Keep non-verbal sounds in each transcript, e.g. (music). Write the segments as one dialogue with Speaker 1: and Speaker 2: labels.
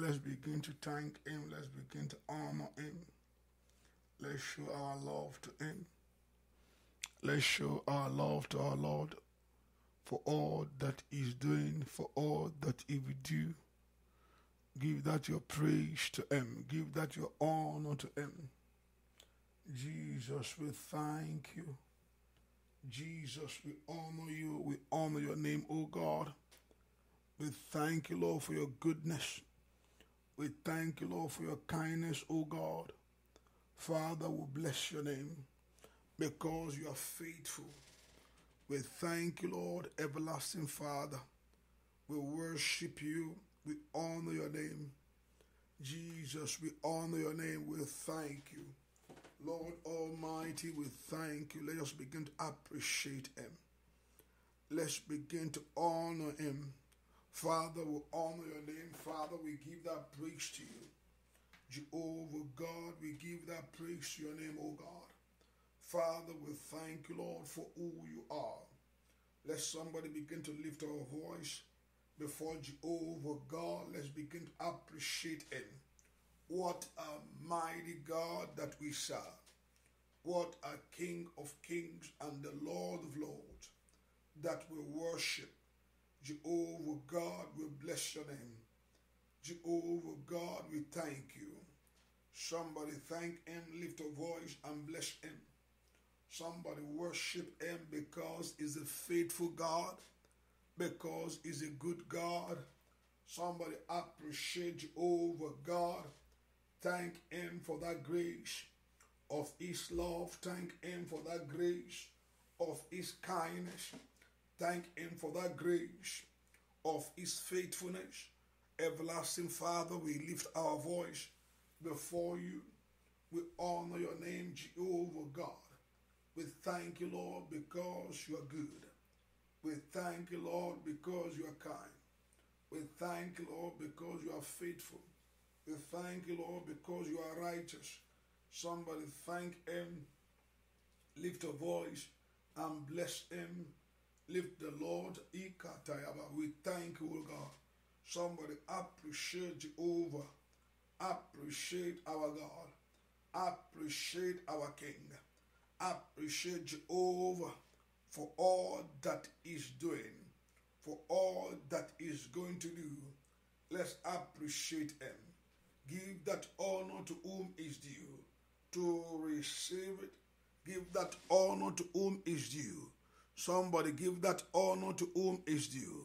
Speaker 1: Let's begin to thank Him. Let's begin to honor Him. Let's show our love to Him. Let's show our love to our Lord for all that He's doing, for all that He will do. Give that your praise to Him. Give that your honor to Him. Jesus, we thank you. Jesus, we honor you. We honor your name, O God. We thank you, Lord, for your goodness. We thank you, Lord, for your kindness, O God. Father, we bless your name because you are faithful. We thank you, Lord, everlasting Father. We worship you. We honor your name. Jesus, we honor your name. We thank you. Lord Almighty, we thank you. Let us begin to appreciate Him. Let's begin to honor Him. Father, we honor your name. Father, we give that praise to you. Jehovah God, we give that praise to your name, O God. Father, we thank you, Lord, for who you are. Let somebody begin to lift our voice before Jehovah God. Let's begin to appreciate Him. What a mighty God that we serve. What a King of kings and the Lord of lords that we worship. Jehovah God, we bless your name. Jehovah God, we thank you. Somebody thank him, lift a voice and bless him. Somebody worship him because he's a faithful God, because he's a good God. Somebody appreciate Jehovah God. Thank him for that grace of his love. Thank him for that grace of his kindness. Thank Him for that grace of His faithfulness. Everlasting Father, we lift our voice before you. We honor your name, Jehovah God. We thank you, Lord, because you are good. We thank you, Lord, because you are kind. We thank you, Lord, because you are faithful. We thank you, Lord, because you are righteous. Somebody thank Him, lift a voice, and bless Him Lift the Lord. We thank you, O God. Somebody appreciate Jehovah. Appreciate our God. Appreciate our King. Appreciate Jehovah for all that is doing, for all that is going to do. Let's appreciate him. Give that honor to whom is due. To receive it, give that honor to whom is due Somebody give that honor to whom is due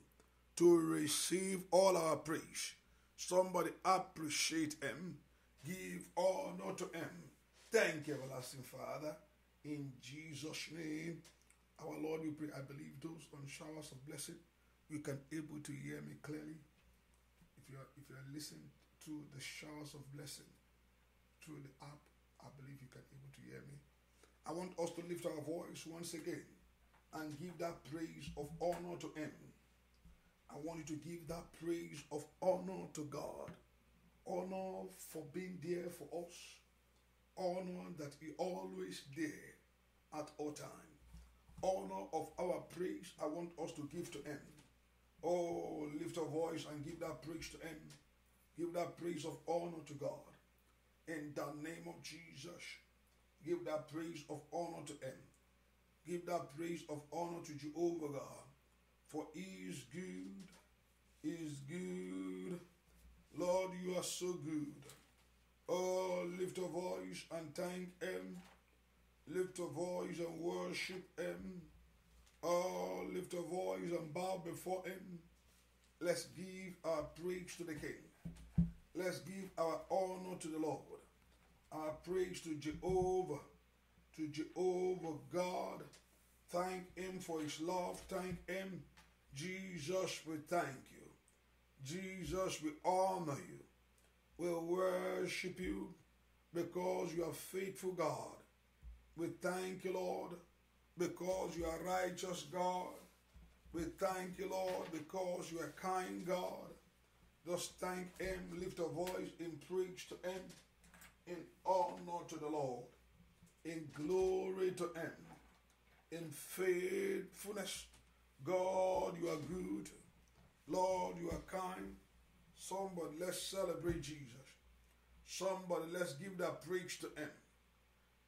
Speaker 1: to receive all our praise. Somebody appreciate him. Give honor to him. Thank you, everlasting Father. In Jesus' name, our Lord, we pray. I believe those on showers of blessing, you can able to hear me clearly. If you are if you are listening to the showers of blessing through the app, I believe you can able to hear me. I want us to lift our voice once again and give that praise of honor to Him. I want you to give that praise of honor to God. Honor for being there for us. Honor that He always there at all time. Honor of our praise I want us to give to Him. Oh, lift a voice and give that praise to Him. Give that praise of honor to God. In the name of Jesus, give that praise of honor to Him. Give that praise of honor to Jehovah God,
Speaker 2: for he is good, he is good. Lord, you are so good. Oh, lift a voice and thank him. Lift a voice and worship him. Oh, lift
Speaker 1: a voice and bow before him. Let's give our praise to the King. Let's give our honor to the Lord. Our praise to Jehovah to Jehovah God. Thank Him for His love. Thank Him. Jesus, we thank you. Jesus, we honor you. We worship you because you are faithful God. We thank you, Lord, because you are righteous God. We thank you, Lord, because you are kind God. Just thank Him, lift a voice in praise to Him, in honor to the Lord in glory to Him, in faithfulness. God, you are good. Lord, you are kind. Somebody, let's celebrate Jesus. Somebody, let's give that praise to Him.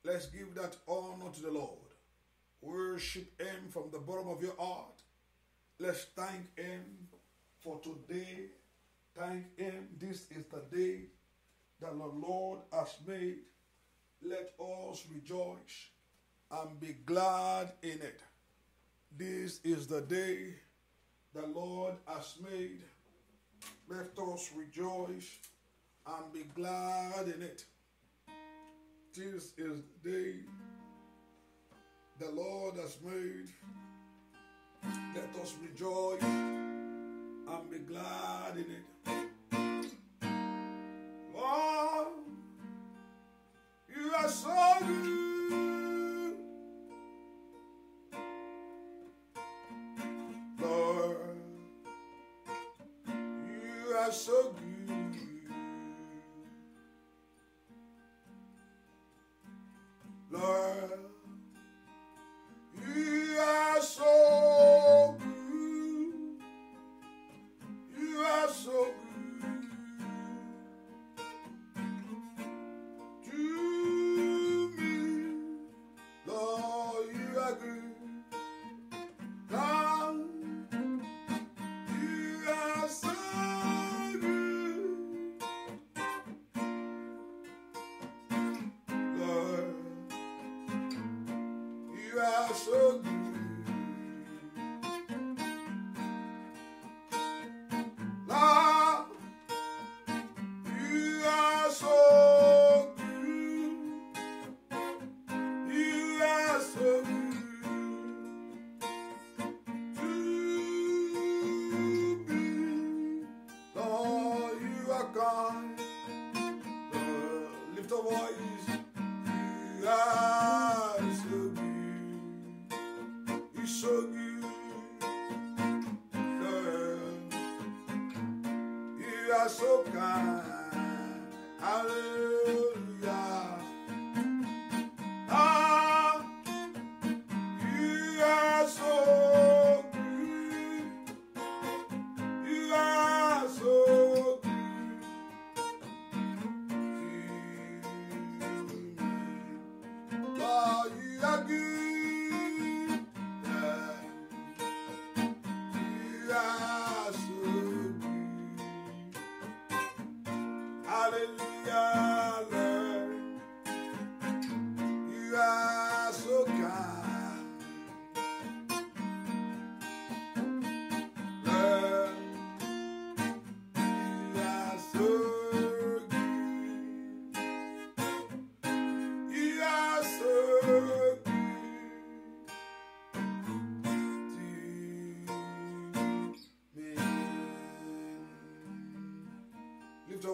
Speaker 1: Let's give that honor to the Lord. Worship Him from the bottom of your heart. Let's thank Him for today. Thank Him. This is the day that the Lord has made. Let us rejoice and be glad in it. This is the day the Lord has made. Let us rejoice and be glad in it. This is the day the Lord has made. Let us rejoice and be glad in it.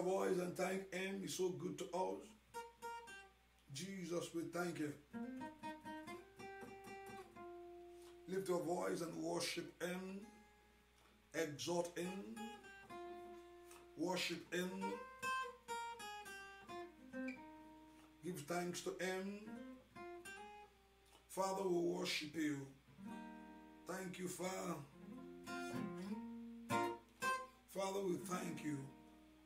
Speaker 1: voice and thank Him. He's so good to us. Jesus, we thank you. Lift your voice and worship Him. Exalt Him. Worship Him. Give thanks to Him. Father, we worship you. Thank you, Father. Father, we thank you.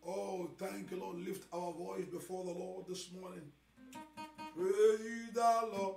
Speaker 1: Oh, thank you, Lord. Lift our voice before the Lord this morning. Praise
Speaker 2: the Lord.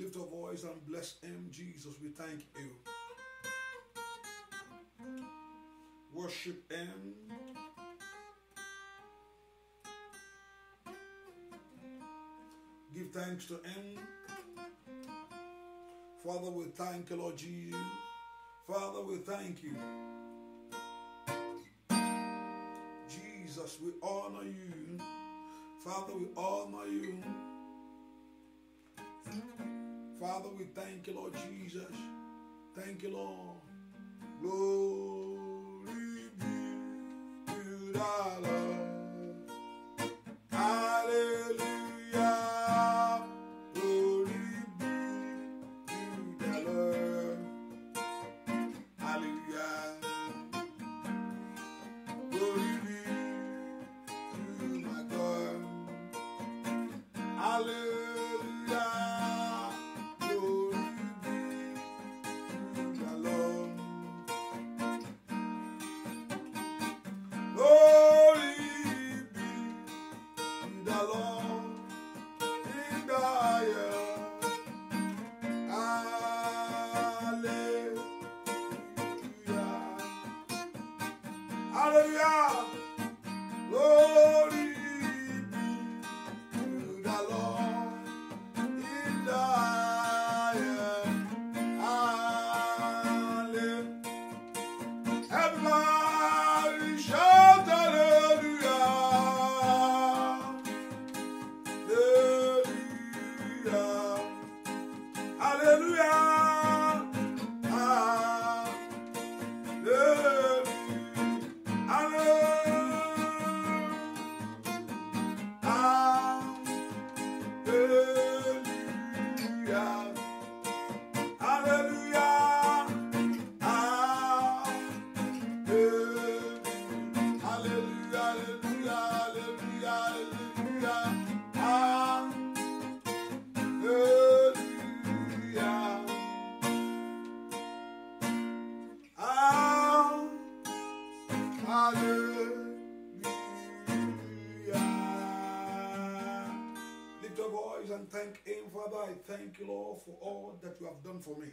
Speaker 1: Lift your voice and bless him, Jesus. We thank you. Worship him. Give thanks to him. Father, we thank you, Lord Jesus. Father, we thank you. Jesus, we honor you. Father, we honor you. Father, we
Speaker 2: thank you, Lord Jesus. Thank you, Lord.
Speaker 1: you, Lord, for all that you have done for me.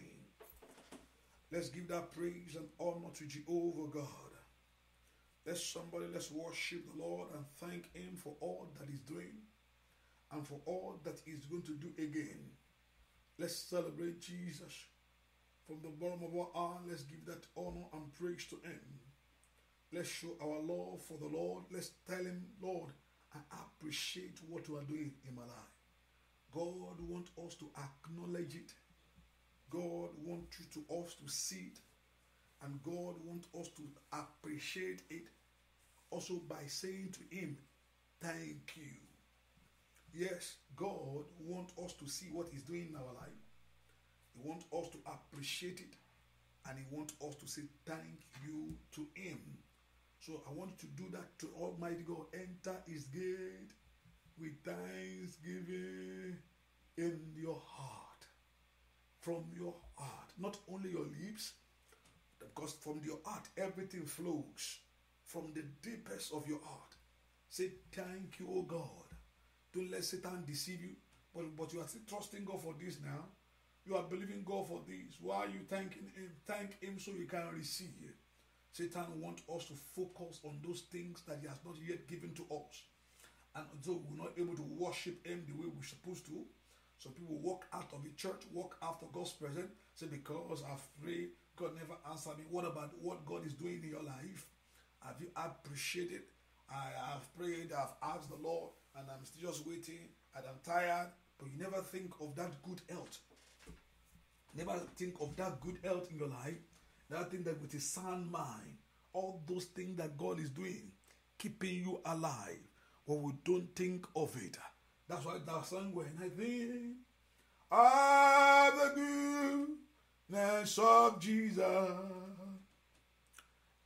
Speaker 1: Let's give that praise and honor to Jehovah God. let somebody, let's worship the Lord and thank Him for all that He's doing and for all that He's going to do again. Let's celebrate Jesus. From the bottom of our heart, let's give that honor and praise to Him. Let's show our love for the Lord. Let's tell Him, Lord, I appreciate what you are doing in my life. God wants us to acknowledge it. God wants you to us to see it. And God wants us to appreciate it also by saying to Him, Thank you. Yes, God wants us to see what He's doing in our life. He wants us to appreciate it. And He wants us to say thank you to Him. So I want you to do that to Almighty God. Enter His gate with thanksgiving in your heart. From your heart, not only your lips, because from your heart everything flows. From the deepest of your heart, say thank you, O God. Don't let Satan deceive you. But, but you are still trusting God for this now. You are believing God for this. Why are you thanking Him? Thank Him so you can receive. Satan wants us to focus on those things that He has not yet given to us and so we're not able to worship him the way we're supposed to. So people walk out of the church, walk after God's presence, say, Because I've prayed, God never answered me. What about what God is doing in your life? Have you appreciated? I have prayed, I've asked the Lord, and I'm still just waiting, and I'm tired. But you never think of that good health. Never think of that good health in your life. That thing that with a sound mind, all those things that God is doing, keeping you alive but we don't think of
Speaker 2: it. That's why that song when I think of the goodness of Jesus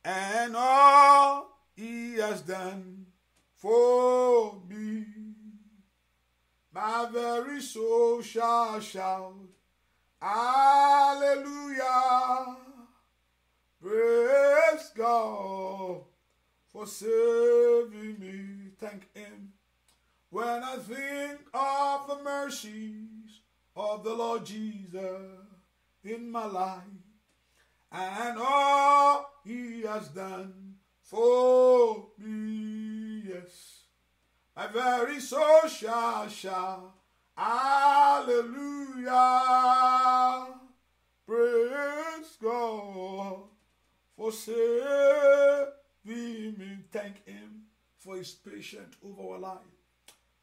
Speaker 2: and all he has done for me. My very soul shall shout, Hallelujah! Praise God for saving me thank Him. When I think of the mercies of the Lord Jesus in my life and all He has done for me, yes, my very soul shall shout, Hallelujah! Praise God for saving me. Thank Him for his patience over our life.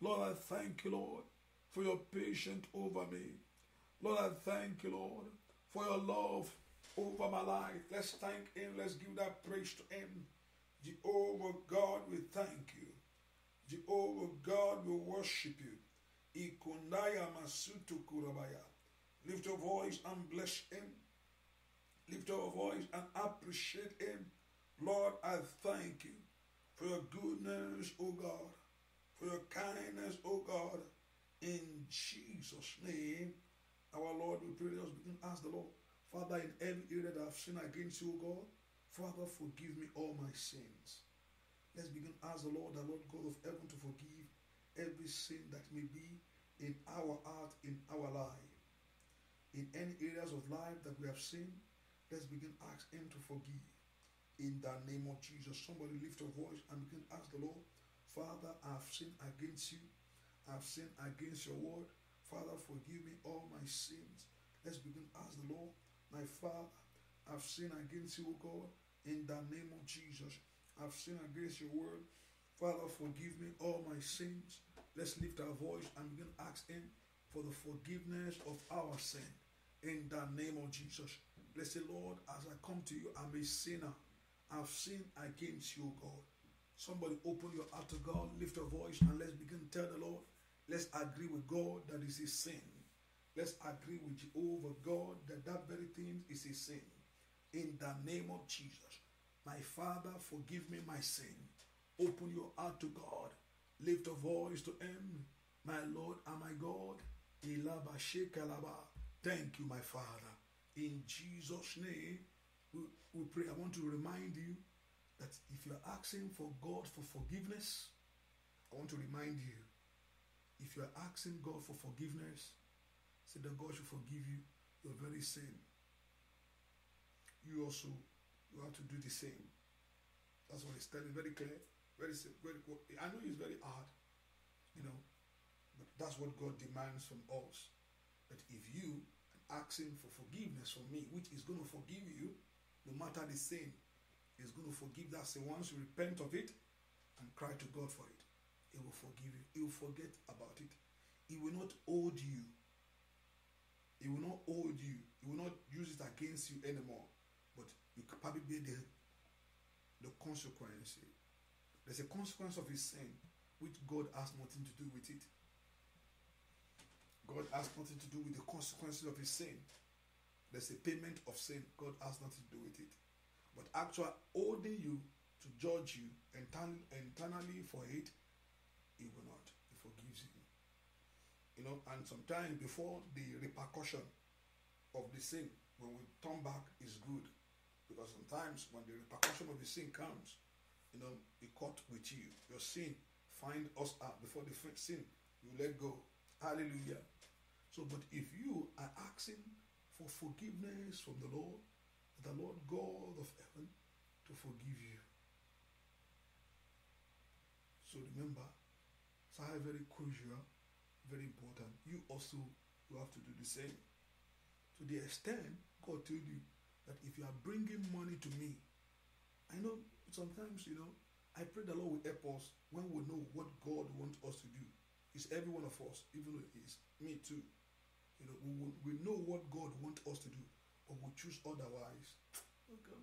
Speaker 1: Lord, I thank you, Lord, for your patience over me. Lord, I thank you, Lord, for your love over my life. Let's thank him. Let's give that praise to him. Jehovah God, we thank you. Jehovah God, we worship you. Ikundaya Masutu Kurabaya. Lift your voice and bless him. Lift your voice and appreciate him. Lord, I thank you for your goodness, O God, for your kindness, O God. In Jesus' name, our Lord, we pray, Let's begin ask the Lord, Father, in every area that I've sinned against you, God, Father, forgive me all my sins. Let's begin ask the Lord, the Lord God of heaven, to forgive every sin that may be in our heart, in our life, in any areas of life that we have sinned. Let's begin ask Him to forgive in the name of Jesus. Somebody lift your voice and begin to ask the Lord, Father, I've sinned against you. I've sinned against your word. Father, forgive me all my sins. Let's begin to ask the Lord, my Father, I've sinned against you, O God, in the name of Jesus. I've sinned against your word. Father, forgive me all my sins. Let's lift our voice and begin to ask Him for the forgiveness of our sin. In the name of Jesus. Let's say, Lord, as I come to you, I'm a sinner. I've sinned against you, God. Somebody open your heart to God, lift your voice, and let's begin to tell the Lord. Let's agree with God that is is sin. Let's agree with Jehovah God that that very thing is a sin. In the name of Jesus, my Father, forgive me my sin. Open your heart to God. Lift a voice to Him. My Lord and my God. Thank you, my Father. In Jesus' name, we we pray, I want to remind you that if you're asking for God for forgiveness, I want to remind you if you're asking God for forgiveness, say that God should forgive you your very sin. You also you have to do the same. That's what he's telling very clear, very very. I know it's very hard, you know, but that's what God demands from us. That if you are asking for forgiveness from me, which is going to forgive you, no matter the sin, is going to forgive that sin. Once you repent of it and cry to God for it, He will forgive you. He will forget about it. He will not hold you. He will not hold you. He will not use it against you anymore. But you can probably be the, the consequence. There's a consequence of his sin, which God has nothing to do with it. God has nothing to do with the consequences of his sin. There's a payment of sin. God has nothing to do with it. But actually holding you to judge you internally for it, He will not. He forgives you. You know, and sometimes before the repercussion of the sin, when we turn back, is good. Because sometimes when the repercussion of the sin comes, you know, it caught with you. Your sin find us out before the sin you let go. Hallelujah. So, but if you are asking for forgiveness from the Lord, the Lord God of heaven to forgive you. So remember, it's very crucial, very important. You also you have to do the same. To the extent God told you that if you are bringing money to me, I know sometimes you know I pray the Lord will help us when we know what God wants us to do. It's every one of us, even though it's me too. You know, we, will, we know what God wants us to do, but we choose otherwise. Okay.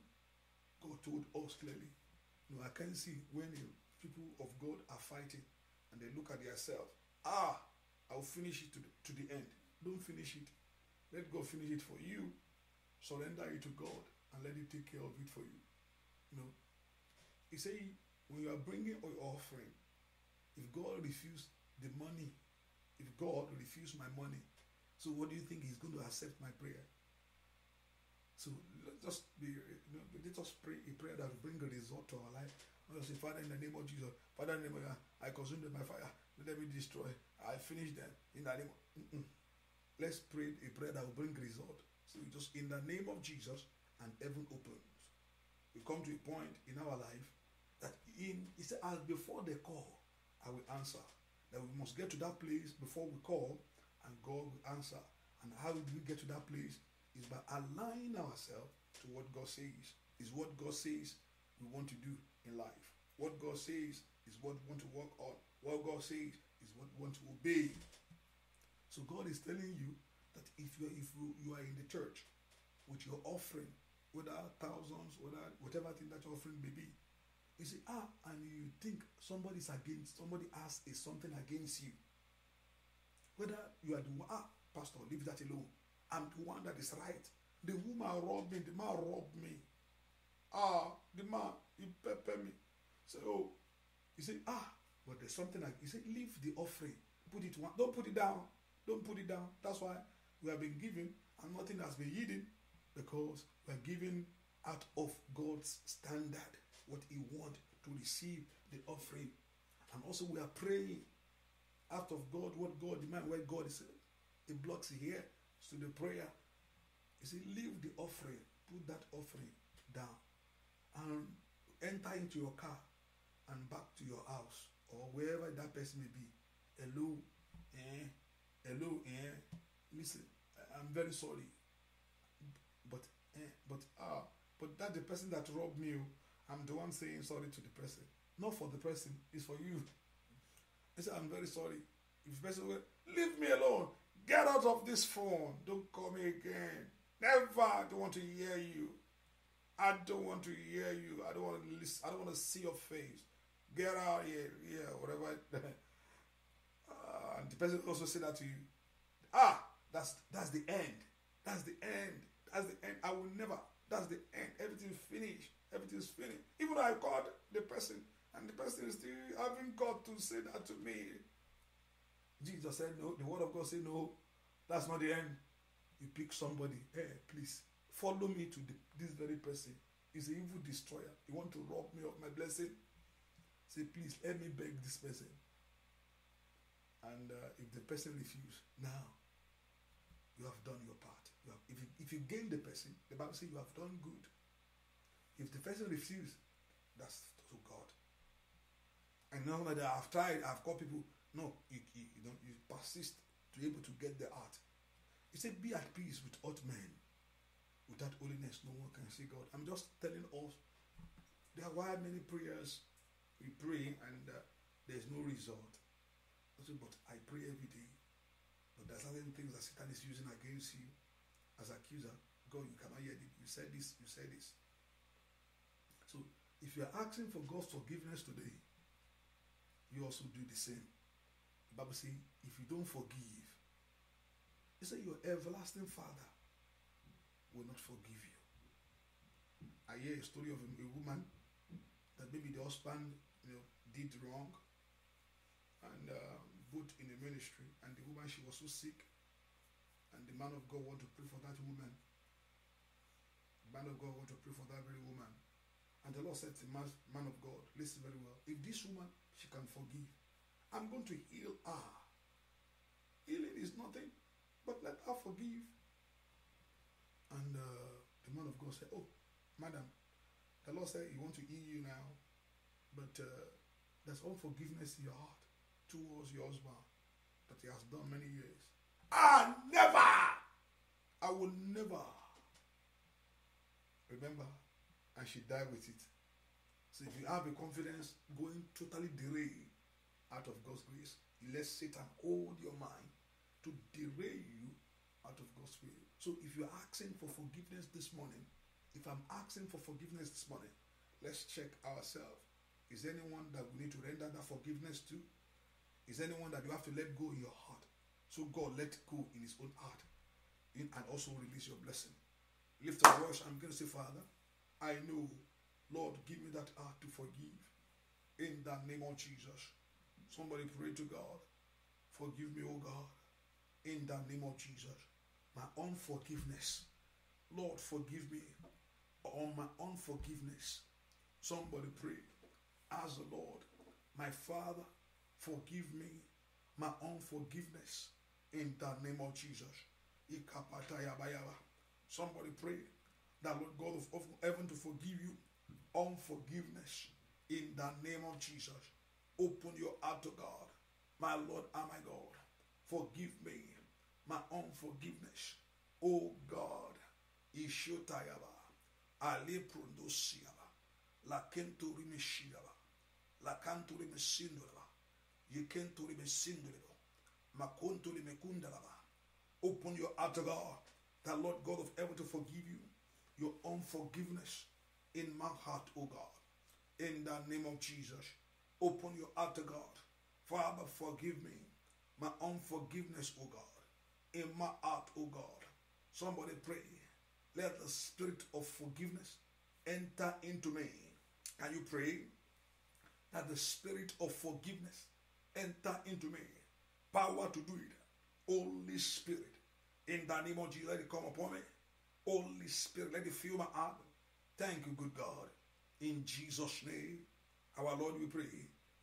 Speaker 1: God told us clearly. You know, I can see when people of God are fighting and they look at themselves. Ah, I'll finish it to the, to the end. Don't finish it. Let God finish it for you. Surrender it to God and let Him take care of it for you. You know, He say when you are bringing your offering, if God refused the money, if God refused my money, so what do you think he's going to accept my prayer? So let us be, you know, let us pray a prayer that will bring a result to our life. Let us say, Father, in the name of Jesus, Father, in the name of God, I consume them by fire. Let me destroy. I finish them in the name. mm -mm. Let's pray a prayer that will bring result. So just in the name of Jesus, and heaven opens. We come to a point in our life that in he said, as before the call, I will answer. That we must get to that place before we call and God will answer. And how do we get to that place? Is by aligning ourselves to what God says. Is what God says we want to do in life. What God says is what we want to work on. What God says is what we want to obey. So God is telling you that if you if you, you are in the church with your offering, whether thousands, whether whatever thing that your offering may be, you say, ah, and you think somebody's against somebody else is something against you. whether you are the one ah pastor leave that alone i'm the one that is right the woman rob me the man rob me ah the man he pepper me so oh, you say ah but there's something like you say leave the offering put it one don't put it down don't put it down that's why we have been given and nothing has been hidden because we are given out of God's standard what He want to receive the offering and also we are praying out of God what God demands, where God is, it blocks here to the prayer. He said, leave the offering, put that offering down, and enter into your car and back to your house or wherever that person may be. Hello, eh? Hello, eh? Listen, I'm very sorry, but eh, but ah, but that the person that robbed me, oh, I'm the one saying sorry to the person. Not for the person, it's for you. He said, I'm very sorry. If the person went, leave me alone. Get out of this phone. Don't call me again. Never. I don't want to hear you. I don't want to hear you. I don't want to listen. I don't want to see your face. Get out here. Yeah, whatever. (laughs) uh, and the person also said that to you. Ah, that's that's the end. That's the end. That's the end. I will never. That's the end. Everything's finished. Everything's finished. Even though I called the person And the person is still having God to say that to me. Jesus said, No, the word of God said, No, that's not the end. You pick somebody, hey, please follow me to the, this very person. He's an evil destroyer. He want to rob me of my blessing. Say, please let me beg this person. And uh, if the person refuses, now you have done your part. You have, if, you, if you gain the person, the Bible says you have done good. If the person refuses, that's to God. and now that I've tried, I've got people. No, you, you, you don't. You persist to be able to get the art. He said, "Be at peace with all men. Without holiness, no one can see God." I'm just telling us there are why many prayers we pray and uh, there's no result. But I pray every day. But there's certain things that Satan is using against you as accuser. God, you cannot hear it. You said this. You said this. So if you are asking for God's forgiveness today, you also do the same. The Bible says, if you don't forgive, it says your everlasting Father will not forgive you. I hear a story of a, a woman that maybe the husband you know, did wrong and uh, um, put in the ministry, and the woman she was so sick, and the man of God want to pray for that woman. The man of God want to pray for that very woman, and the Lord said to man, man of God, listen very well. If this woman she can forgive. I'm going to heal her. Healing is nothing, but let her forgive. And uh, the man of God said, Oh, madam, the Lord said he want to heal you now, but uh, there's unforgiveness in your heart towards your husband that he has done many years. I never! I will never. Remember? And she died with it. So if you have a confidence going totally derail out of God's grace, let Satan hold your mind to derail you out of God's will. So if you're asking for forgiveness this morning, if I'm asking for forgiveness this morning, let's check ourselves. Is anyone that we need to render that forgiveness to? Is anyone that you have to let go in your heart? So God let go in his own heart and also release your blessing. Lift your voice. I'm going to say, Father, I know Lord, give me that heart to forgive in the name of Jesus. Somebody pray to God. Forgive me, oh God, in the name of Jesus. My unforgiveness. Lord, forgive me on my unforgiveness. Somebody pray. As the Lord, my Father, forgive me my unforgiveness in the name of Jesus. Somebody pray that Lord God of heaven to forgive you unforgiveness in the name of Jesus. Open your heart to God. My Lord and my God, forgive me my unforgiveness. Oh God, Ishotayaba, Ale Prondosiaba, Lakenturi Meshiaba, Lakanturi Messindoraba, Yekentori Messindoraba, Makontori Mekundalaba. Open your heart to God, the Lord God of heaven, to forgive you your unforgiveness in my heart, O oh God. In the name of Jesus, open your heart to God. Father, forgive me my unforgiveness, O oh God. In my heart, O oh God. Somebody pray. Let the spirit of forgiveness enter into me. Can you pray that the spirit of forgiveness enter into me? Power to do it. Holy Spirit, in the name of Jesus, let it come upon me. Holy Spirit, let it fill my heart. Thank you, good God. In Jesus' name, our Lord, we pray.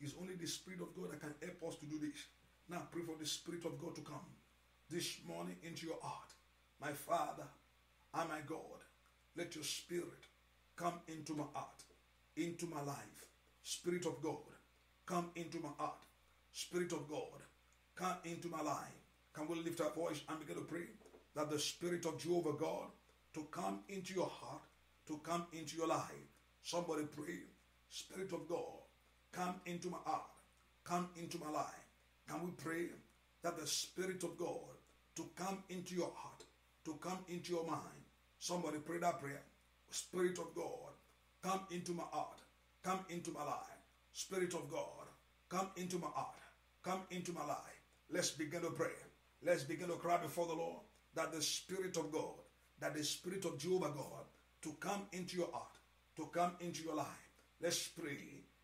Speaker 1: It's only the Spirit of God that can help us to do this. Now pray for the Spirit of God to come this morning into your heart. My Father and my God, let your Spirit come into my heart, into my life. Spirit of God, come into my heart. Spirit of God, come into my life. Can we lift our voice and begin to pray that the Spirit of Jehovah God to come into your heart to come into your life. Somebody pray, Spirit of God, come into my heart, come into my life. Can we pray that the Spirit of God to come into your heart, to come into your mind? Somebody pray that prayer. Spirit of God, come into my heart, come into my life. Spirit of God, come into my heart, come into my life. Let's begin to pray. Let's begin to cry before the Lord that the Spirit of God, that the Spirit of Jehovah God to come into your heart, to come into your life. Let's pray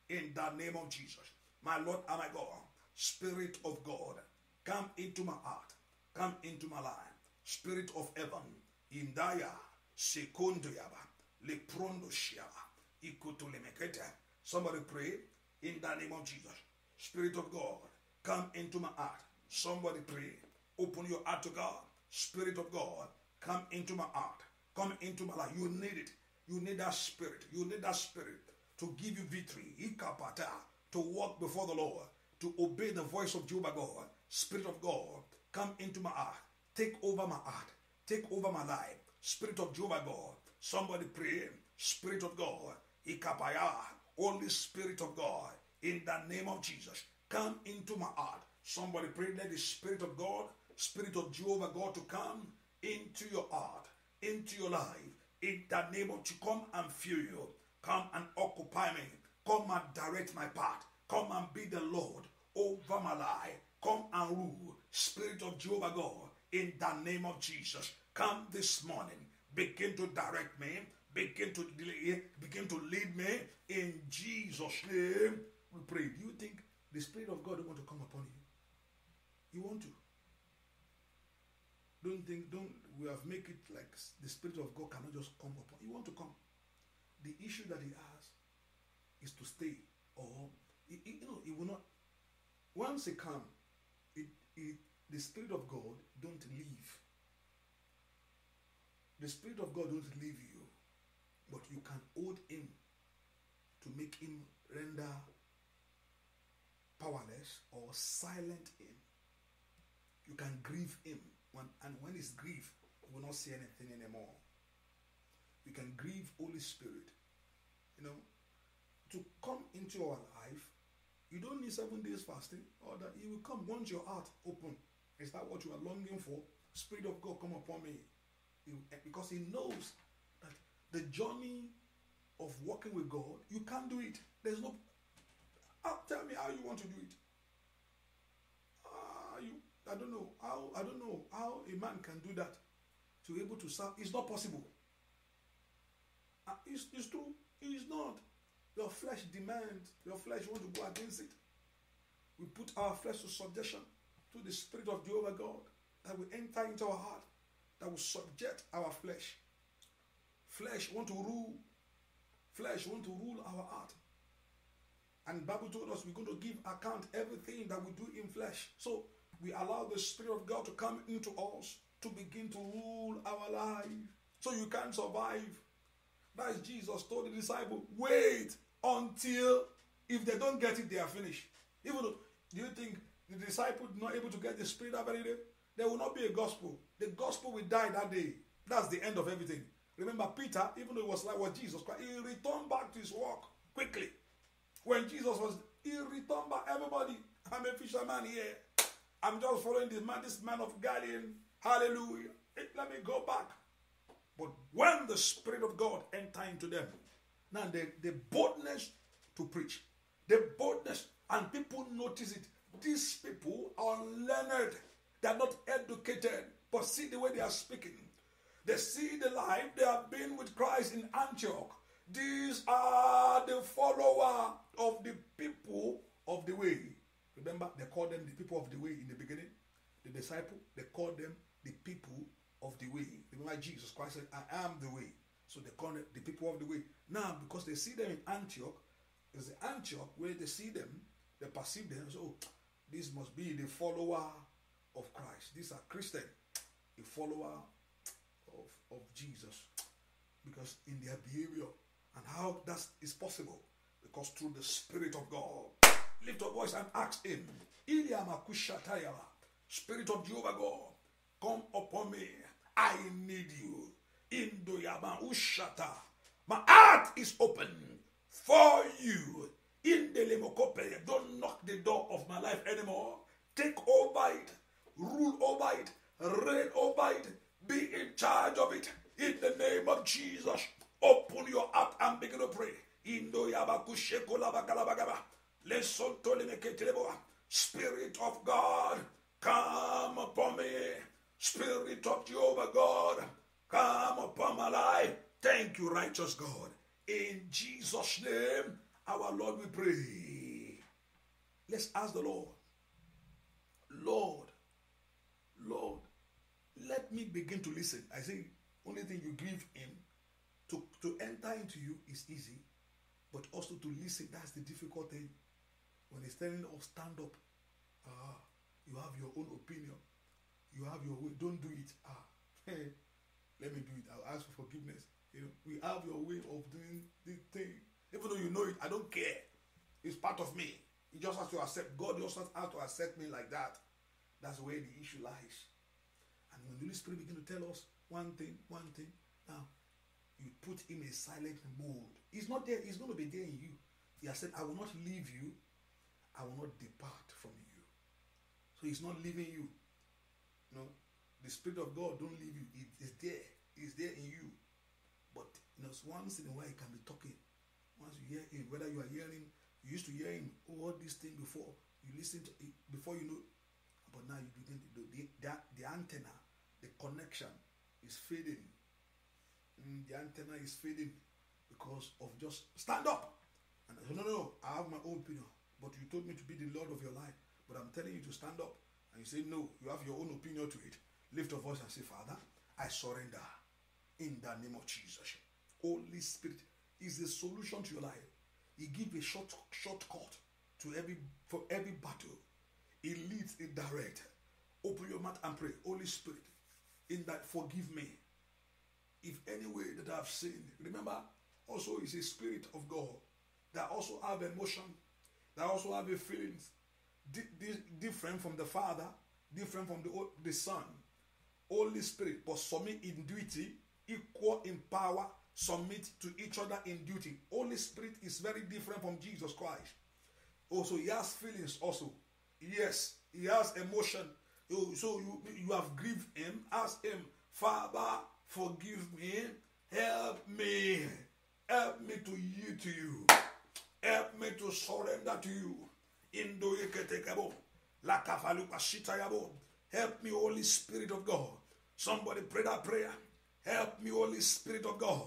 Speaker 1: in the name of Jesus. My Lord and my God, Spirit of God, come into my heart, come into my life. Spirit of heaven, Indaya, Secondo Yaba, Leprondo Shiaba, Ikutulemekete. Somebody pray in the name of Jesus. Spirit of God, come into my heart. Somebody pray. Open your heart to God. Spirit of God, come into my heart. Come into my life. You need it. You need that spirit. You need that spirit to give you victory. Ikapata. To walk before the Lord. To obey the voice of Jehovah God. Spirit of God. Come into my heart. Take over my heart. Take over my life. Spirit of Jehovah God. Somebody pray. Spirit of God. Ikapaya. Holy Spirit of God. In the name of Jesus. Come into my heart. Somebody pray. Let the Spirit of God. Spirit of Jehovah God to come into your heart into your life. In the name of to come and fill you. Come and occupy me. Come and direct my path. Come and be the Lord over my life. Come and rule, Spirit of Jehovah God, in the name of Jesus. Come this morning. Begin to direct me. Begin to eh, begin to lead me in Jesus' name. We pray. Do you think the Spirit of God don't want to come upon you? You want to. Don't think, don't, we have make it like the Spirit of God cannot just come upon. He want to come. The issue that he has is to stay or, he, he, you know, he will not, once he come, it, it, the Spirit of God don't leave. The Spirit of God don't leave you, but you can hold him to make him render powerless or silent him. You can grieve him when, and when it's grief, you will not see anything anymore. You can grieve Holy Spirit. You know, to come into our life, you don't need seven days fasting, or that He will come once your heart open. Is that what you are longing for? Spirit of God, come upon me, because He knows that the journey of walking with God, you can't do it. There's no. Ah, tell me how you want to do it. I don't know how I don't know how a man can do that to be able to serve. It's not possible. Uh, it's, it's true. It is not. Your flesh demands. Your flesh wants to go against it. We put our flesh to subjection to the spirit of Jehovah God that will enter into our heart, that will subject our flesh. Flesh want to rule. Flesh want to rule our heart. And Bible told us we're going to give account everything that we do in flesh. So we allow the Spirit of God to come into us to begin to rule our life. So you can survive. That's Jesus told the disciple, wait until if they don't get it, they are finished. Even though, do you think the disciple not able to get the spirit that very day? There will not be a gospel. The gospel will die that day. That's the end of everything. Remember, Peter, even though it was like what Jesus Christ, he returned back to his work quickly. When Jesus was, he returned back. Everybody, I'm a fisherman here. I'm just following this man, this man of Galilee. Hallelujah. Let me go back. But when the Spirit of God enter into them, now the, the boldness to preach, the boldness, and people notice it. These people are learned. They're not educated, but see the way they are speaking. They see the life they have been with Christ in Antioch. These are the follower of the people of the way. Remember, they called them the people of the way in the beginning. The disciple, they called them the people of the way. Remember, Jesus Christ said, I am the way. So they called the people of the way. Now, because they see them in Antioch, it's the Antioch where they see them, they perceive them So, oh, this must be the follower of Christ. These are Christian, a follower of, of Jesus. Because in their behavior and how that is possible, because through the Spirit of God Lift your voice and ask him. Spirit of Jehovah God, come upon me. I need you.
Speaker 3: Indoyama Ushata. My heart is open for you. In the lemokope, don't knock the door of my life anymore. Take over it, rule over it, reign over it, be in charge of it. In the name of Jesus, open your heart and begin to pray. Indoyama Kushekolabagabagaba. Ah, Spirit of God, come upon me. Spirit of Jehovah God, come upon my life. Thank you, righteous God. In Jesus' name, our
Speaker 1: Lord, we pray. Let's ask the Lord. Lord, Lord, let me begin to listen. I say, only thing you give him to, to enter into you is easy, but also to listen, that's the difficult thing. When he's telling us, stand up. Ah, you have your own opinion. You have your way. Don't do it. Ah, hey, let me do it. I'll ask for forgiveness. You know, we have your way of doing the thing. Even though you know it, I don't care. It's part of me. You just have to accept. God just has to accept me like that. That's where the issue lies. And when the Holy Spirit begin to tell us one thing, one thing, now you put him in a silent mode. He's not there. He's going to be there in you. He has said, I will not leave you I will not depart from you. So he's not leaving you. No, the Spirit of God don't leave you. It is there. It's there in you. But you know, once in a while, it can be talking. Once you hear him, whether you are hearing, you used to hear him all this thing before. You listen to it before you know, but now you begin to do the, the, the antenna, the connection is fading. Mm, the antenna is fading because of just stand up. And I said, no, no, no, I have my own opinion. But you told me to be the Lord of your life. But I'm telling you to stand up. And you say, No, you have your own opinion to it. Lift your voice and say, Father, I surrender in the name of Jesus. Holy Spirit is the solution to your life. He gives a short shortcut to every for every battle. He leads it direct. Open your mouth and pray. Holy Spirit, in that forgive me. If any way that I've sinned, remember also is a spirit of God that also have emotion that also have feelings di di different from the Father, different from the, the Son, Holy Spirit, but submit in duty, equal in power, submit to each other in duty. Holy Spirit is very different from Jesus Christ. Also, he has feelings also. Yes, he has emotion. So you, you have grieved him. Ask him, Father, forgive me. Help me. Help me to yield to you. Help
Speaker 3: me to surrender to you. Indo yeketekabo. Lakafalupa yabo.
Speaker 1: Help me, Holy Spirit of God. Somebody pray that prayer. Help me, Holy Spirit of God.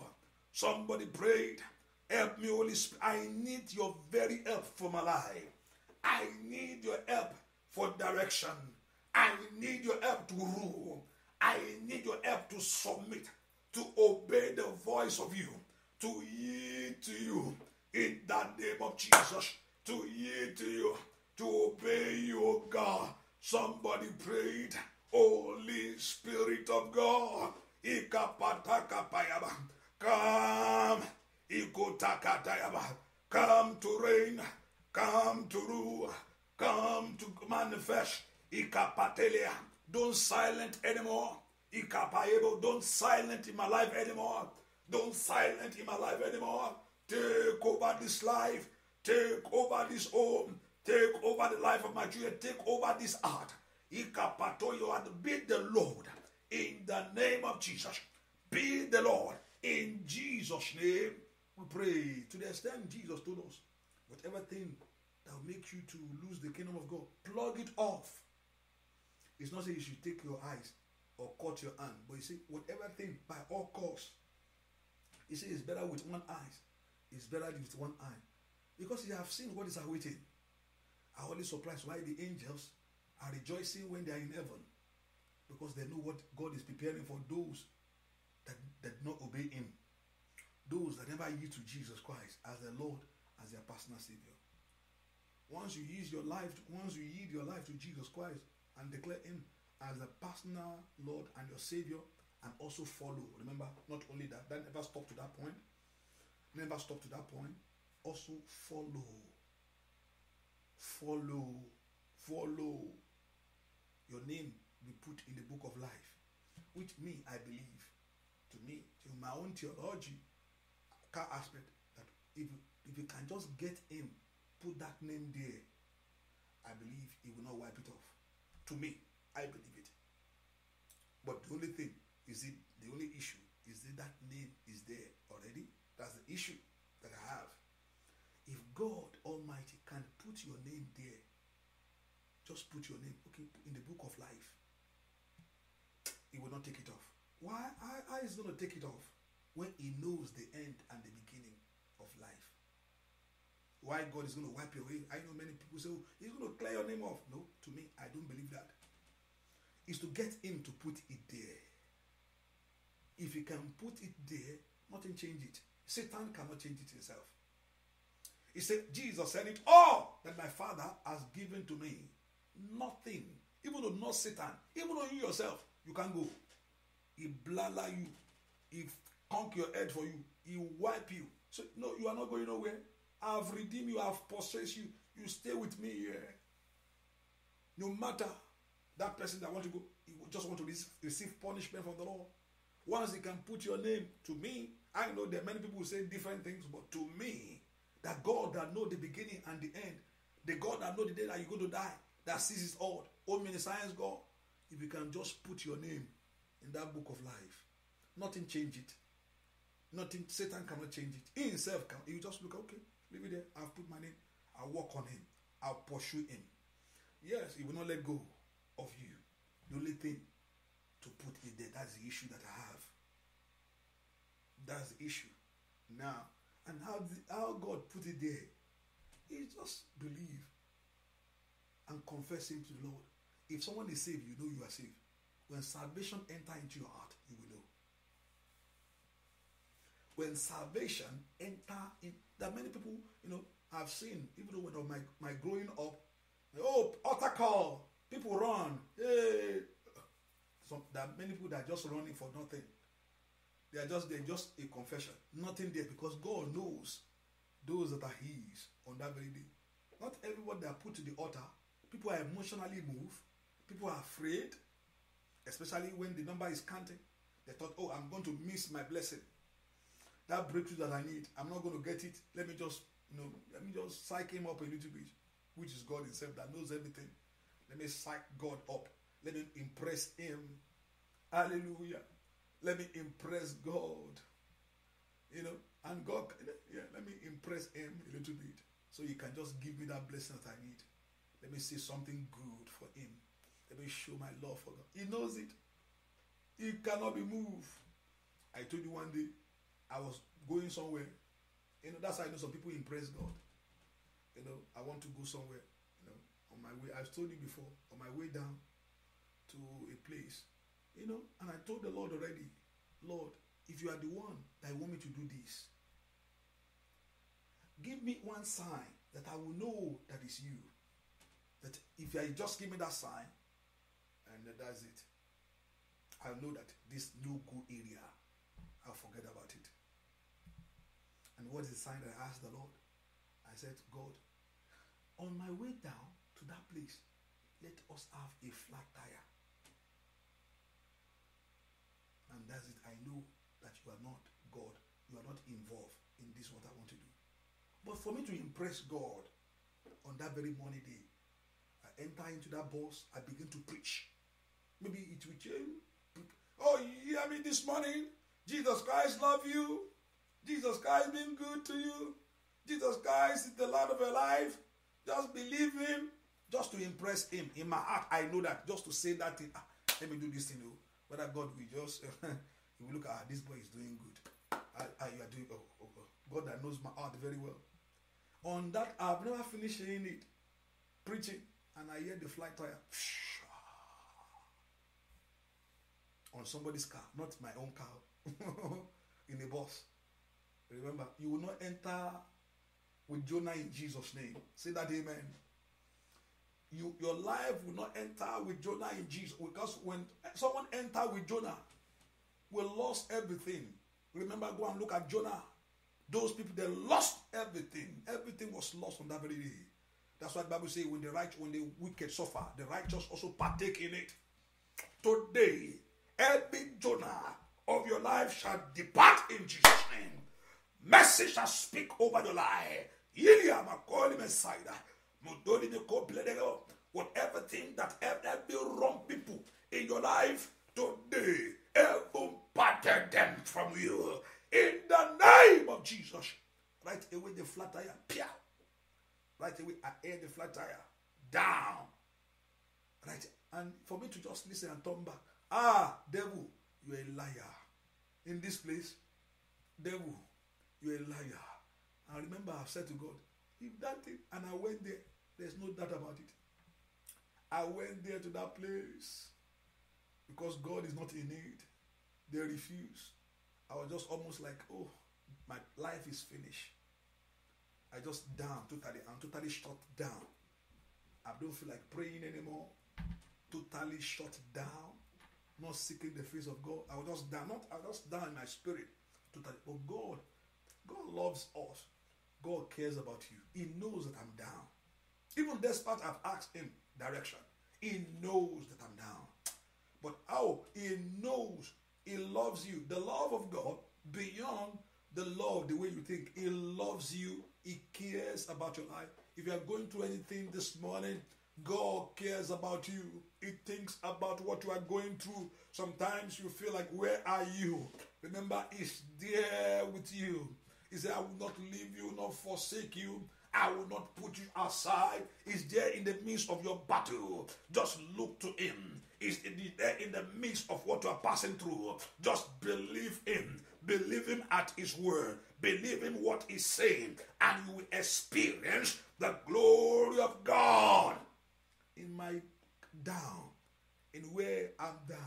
Speaker 1: Somebody prayed. Help me, Holy Spirit. I need your very help for my life. I need your help for direction. I need your help to rule. I need your help to submit, to obey the voice of you, to yield to you in the name of
Speaker 3: Jesus to yield to you, to obey you, God. Somebody prayed, Holy Spirit of God, come,
Speaker 1: come to
Speaker 3: reign, come to rule, come to manifest. Don't silent anymore. Don't silent in my life anymore. Don't silent in my life anymore. Take over this life. Take over this home. Take over the life of my children. Take over this art. Ikapatoyo and be the Lord in the name of Jesus. Be the
Speaker 1: Lord in Jesus' name. We pray to the extent Jesus told us, whatever thing that will make you to lose the kingdom of God, plug it off. It's not saying you should take your eyes or cut your hand, but you see, whatever thing by all costs, he says it's better with one eye is buried with one eye because you have seen what is awaiting. I only surprise why the angels are rejoicing when they are in heaven because they know what God is preparing for those that, that not obey Him, those that never yield to Jesus Christ as their Lord, as their personal Savior. Once you yield your life, once you yield your life to Jesus Christ and declare Him as a personal Lord and your Savior, and also follow. Remember, not only that, that never stop to that point never stop to that point. Also follow. Follow. Follow. Your name be put in the book of life. Which me, I believe, to me, to my own theology, car aspect, that if, if you can just get him, put that name there, I believe he will not wipe it off. To me, I believe it. But the only thing is it the only issue is it that name is there already That's the issue that I have. If God Almighty can put your name there, just put your name okay, in the book of life. He will not take it off. Why? I is going to take it off when He knows the end and the beginning of life? Why God is going to wipe you away? I know many people say oh, He's going to clear your name off. No, to me, I don't believe that. Is to get Him to put it there. If He can put it there, nothing change it. Satan cannot change it himself. He said, Jesus said it all that my Father has given to me. Nothing. Even though not Satan, even though you yourself, you can't go. He blala you. He conk your head for you. He wipe you. So no, you are not going nowhere. I've redeemed you. I've possessed you. You stay with me here. No matter that person that want to go, he just want to receive punishment from the law. Once he can put your name to me, I know that many people say different things, but to me, that God that know the beginning and the end, the God that know the day that you're going to die, that sees it all, old many science God, if you can just put your name in that book of life, nothing change it. Nothing, Satan cannot change it. He himself can. You just look, okay, leave it there. I've put my name. I'll work on him. I'll pursue him. Yes, he will not let go of you. The only thing to put it there, that's the issue that I have. That's the issue now. And how, the, how God put it there is just believe and confess Him to the Lord. If someone is saved, you know you are saved. When salvation enter into your heart, you will know. When salvation enter in, that many people, you know, have seen, even though when my, my growing up, oh, altar call, people run, hey. Some, that many people that are just running for nothing. They are just they just a confession. Nothing there because God knows those that are His on that very day. Not everyone that are put to the altar. People are emotionally moved. People are afraid, especially when the number is counting. They thought, "Oh, I'm going to miss my blessing. That breakthrough that I need, I'm not going to get it. Let me just, you know, let me just psych him up a little bit, which is God Himself that knows everything. Let me psych God up. Let me impress Him. Hallelujah." Let me impress God. You know, and God, yeah, let me impress Him a little bit so He can just give me that blessing that I need. Let me say something good for Him. Let me show my love for God. He knows it. He cannot be moved. I told you one day, I was going somewhere. You know, that's how I know some people impress God. You know, I want to go somewhere. You know, on my way, I've told you before, on my way down to a place, You know, and I told the Lord already, Lord, if you are the one that want me to do this, give me one sign that I will know that it's you. That if you just give me that sign, and that's it. I'll know that this no good area, I'll forget about it. And what is the sign that I asked the Lord? I said, God, on my way down to that place, let us have a flat tire. and that's it. I know that you are not God. You are not involved in this what I want to do. But for me to impress God on that very morning day, I enter into that bus, I begin to preach. Maybe it will change. Oh, you hear me this morning? Jesus Christ love you. Jesus Christ been good to you. Jesus Christ is the Lord of your life. Just believe him. Just to impress him. In my heart, I know that. Just to say that thing. Ah, let me do this thing. You. Oh whether God will just he (laughs) will look at ah, this boy is doing good. Ah, you are doing oh, oh, oh. God that knows my heart very well. On that, I've never finished hearing it, preaching, and I hear the flight tire on somebody's car, not my own car, (laughs) in a bus. Remember, you will not enter with Jonah in Jesus' name. Say that, Amen you your life will not enter with Jonah in Jesus. Because when someone enter with Jonah, we lost everything. Remember, go and look at Jonah. Those people they lost everything. Everything was lost on that very day. That's why the Bible says when the right, when the wicked suffer, the righteous also partake in it.
Speaker 3: Today, every Jonah of your life shall depart in Jesus' name. Mercy shall speak over your life. Ilia Makoli Messiah. whatever thing that ever be wrong people in your life today, ever parted them from you. In the name of Jesus. Right away, the flat tire, pew.
Speaker 1: Right away, I air the flat tire down. Right? And for me to just listen and turn back, ah, devil, you're a liar. In this place, devil, you're a liar. I remember, I've said to God, if that thing, and I went there, There's no doubt about it. I went there to that place because God is not in it. They refused. I was just almost like, oh, my life is finished. I just down totally. I'm totally shut down. I don't feel like praying anymore. Totally shut down. Not seeking the face of God. I was just down. Not I was just down in my spirit. Totally. But God, God loves us. God cares about you. He knows that I'm down. Even despite I've asked him direction, he knows that I'm down. But oh, he knows he loves you. The love of God beyond the love, the way you think. He loves you. He cares about your life. If you are going through anything this morning, God cares about you. He thinks about what you are going through. Sometimes you feel like, Where are you? Remember, He's there with you. He said, I will not leave you, not forsake you. I will not
Speaker 3: put you aside. Is there in the midst of your battle. Just look to Him. Is there in the midst of what you are passing through. Just believe Him. Believe Him at His word. Believe in what He's saying, and you will experience the glory of God in
Speaker 2: my down,
Speaker 1: in where I'm down.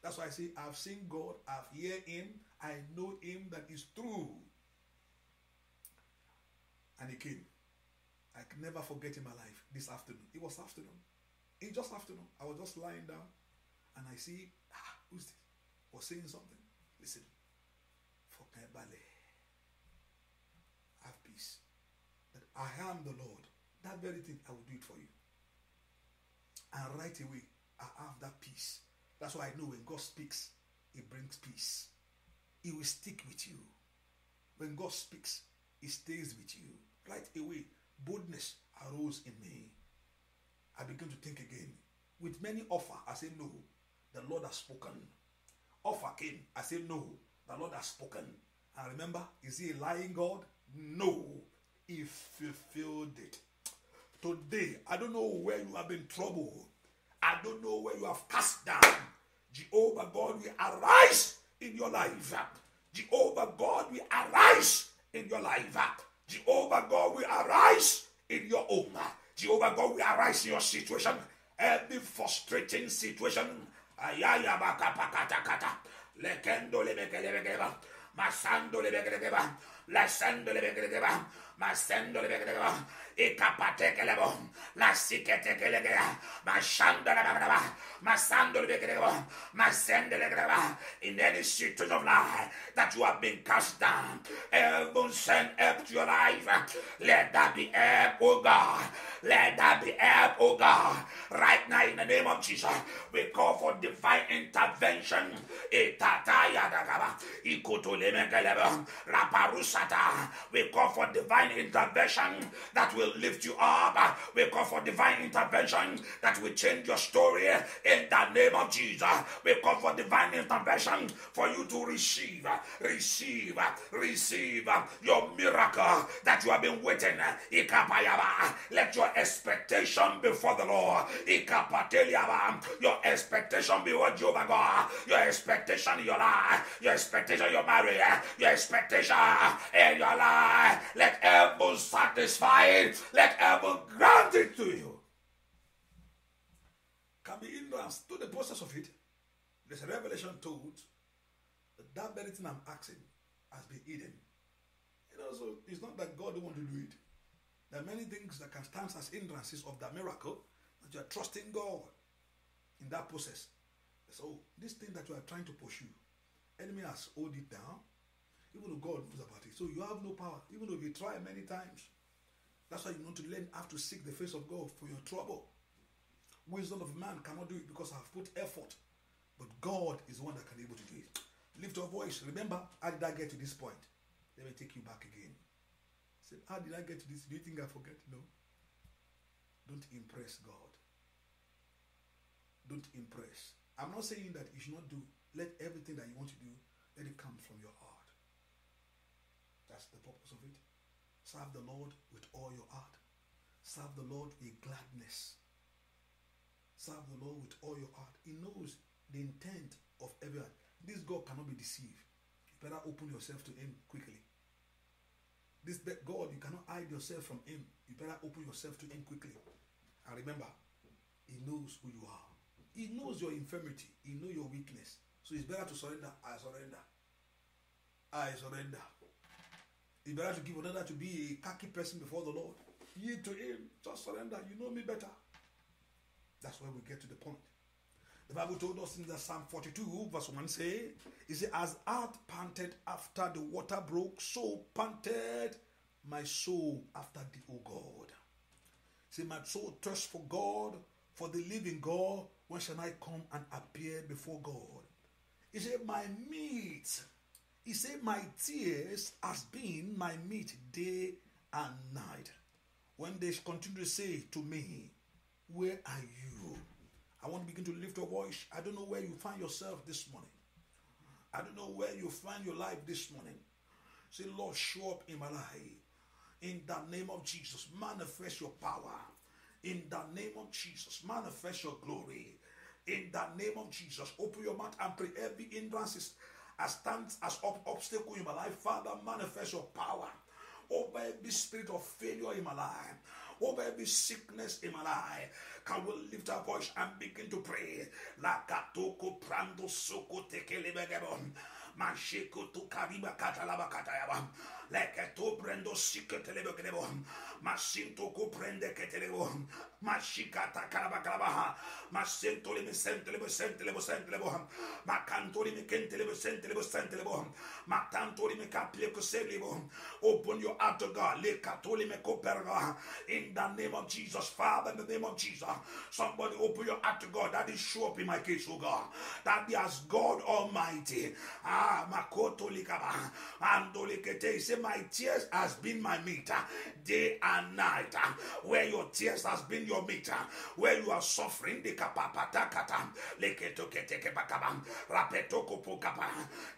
Speaker 1: That's why I say I've seen God. I've heard Him. I know Him that is true. And He came. I can never forget in my life this afternoon. It was afternoon. It just afternoon. I was just lying down and I see, ah, who's this? Was saying something. Listen, "For balẹ̀. Have peace. That I am the Lord. That very thing, I will do it for you. And right away, I have that peace. That's why I know when God speaks, He brings peace. He will stick with you. When God speaks, He stays with you. Right away, boldness arose in me. I began to think again. With many offer, I said no. The Lord has spoken. Offer came. I said no. The Lord has spoken. And remember, is he a lying God? No. He fulfilled it. Today, I don't know where you have been troubled. I don't know where you have
Speaker 3: cast down. Jehovah God will arise in your life. Jehovah God will arise in your life. Jehovah God will arise in your home. Jehovah God will arise in your situation. Every frustrating situation. Lekendo lebekelebekeba. Masando lebekelebekeba. Lesendo lebekelebekeba. Masendo lebekelebekeba in any situation of life that you have been cast down heaven send help to your life let that be help oh God let that be help oh God right now in the name of Jesus we call for divine intervention we call for divine intervention that will will lift you up. We call for divine intervention that will change your story in the name of Jesus. We call for divine intervention for you to receive, receive, receive your miracle that you have been waiting. Let your expectation before the Lord. Your expectation before Jehovah God. Your expectation in your life. Your expectation in your marriage. Your expectation in your life. Let heaven satisfy it. Let heaven grant
Speaker 1: it to you. Can be ignorance to the process of it. There's a revelation told that that very thing I'm asking has been hidden. You know, so it's not that God don't want to do it. There are many things that can stand as hindrances of that miracle that you are trusting God in that process. So this thing that you are trying to pursue, enemy has hold it down Even though God knows about it. So you have no power, even though you try many times. That's why you need to learn how to seek the face of God for your trouble. Wisdom of man cannot do it because I've put effort. But God is the one that can be able to do it. Lift your voice. Remember, how did I get to this point? Let me take you back again. Say, how did I get to this? Do you think I forget? No. Don't impress God. Don't impress. I'm not saying that you should not do. Let everything that you want to do, let it come from your heart. That's the purpose of it. Serve the Lord with all your heart. Serve the Lord with gladness. Serve the Lord with all your heart. He knows the intent of everyone. This God cannot be deceived. You better open yourself to Him quickly. This God, you cannot hide yourself from Him. You better open yourself to Him quickly. And remember, He knows who you are. He knows your infirmity. He knows your weakness. So it's better to surrender. I surrender. I surrender you better to give another to be a cocky person before the Lord. Yield to Him. Just surrender. You know me better. That's where we get to the point. The Bible told us in the Psalm 42, verse 1 say, It As art panted after the water broke, so panted my soul after thee, O God. See, My soul thirsts for God, for the living God. When shall I come and appear before God? Is it My meat he said, My tears has been my meat day and night. When they continue to say to me, Where are you? I want to begin to lift your voice. I don't know where you find yourself this morning. I don't know where you find your life this morning. Say, Lord, show up in my life. In the name of Jesus, manifest
Speaker 3: your power. In the name of Jesus, manifest your glory. In the name of Jesus, open your mouth and pray. Every hindrance is as stands as obstacle in my life, Father, manifest your power over every spirit of failure in my life, over every sickness in my life. Can we lift our voice and begin to pray? Lakatoko to kariba katalaba katayaba tu prendo siketelebe kelebo masinto ku prende ketelebo mashikata kalaba kalaba masento lebe sente lebe sente lebe sente canto makanto lebe kente lebe sente lebe sente me matanto lebe se kuselebo open oh, your heart to God lekato me koperga in the name of Jesus Father in the name of Jesus somebody open your heart to God that is show up in my case oh God that be as God Almighty ah makoto likaba ando likete my tears has been my meter, day and night. Where your tears has been your meter, where you are suffering, the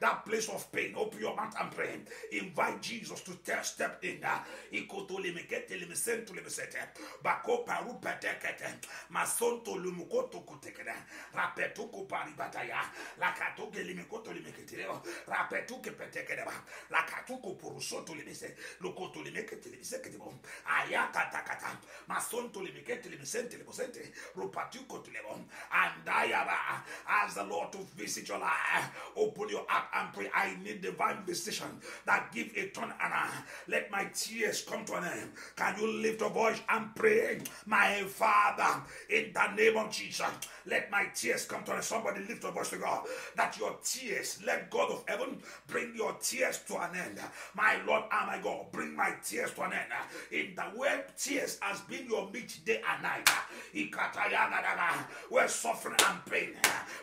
Speaker 3: that place of pain, open your mouth and pray. Invite Jesus to step in. Bako paru petekete, masonto lumukoto kutekere, rapetuku paribataya, lakatuke limikoto limiketireo, rapetuke petekere, lakatuku purus so to to to sotulimise lokotulimeketelimiseketelimo ayakatakata masontulimiketelimisentelimosente rupatiukotilemo andayaba as the Lord to visit your life open your heart and pray I need divine visitation that give a turn and let my tears come to an end can you lift your voice and pray my father in the name of Jesus let my tears come to an end somebody lift your voice to God that your tears let God of heaven bring your tears to an end my my Lord and my God, bring my tears to an end. In the way tears has been your meat day and night, where suffering and pain,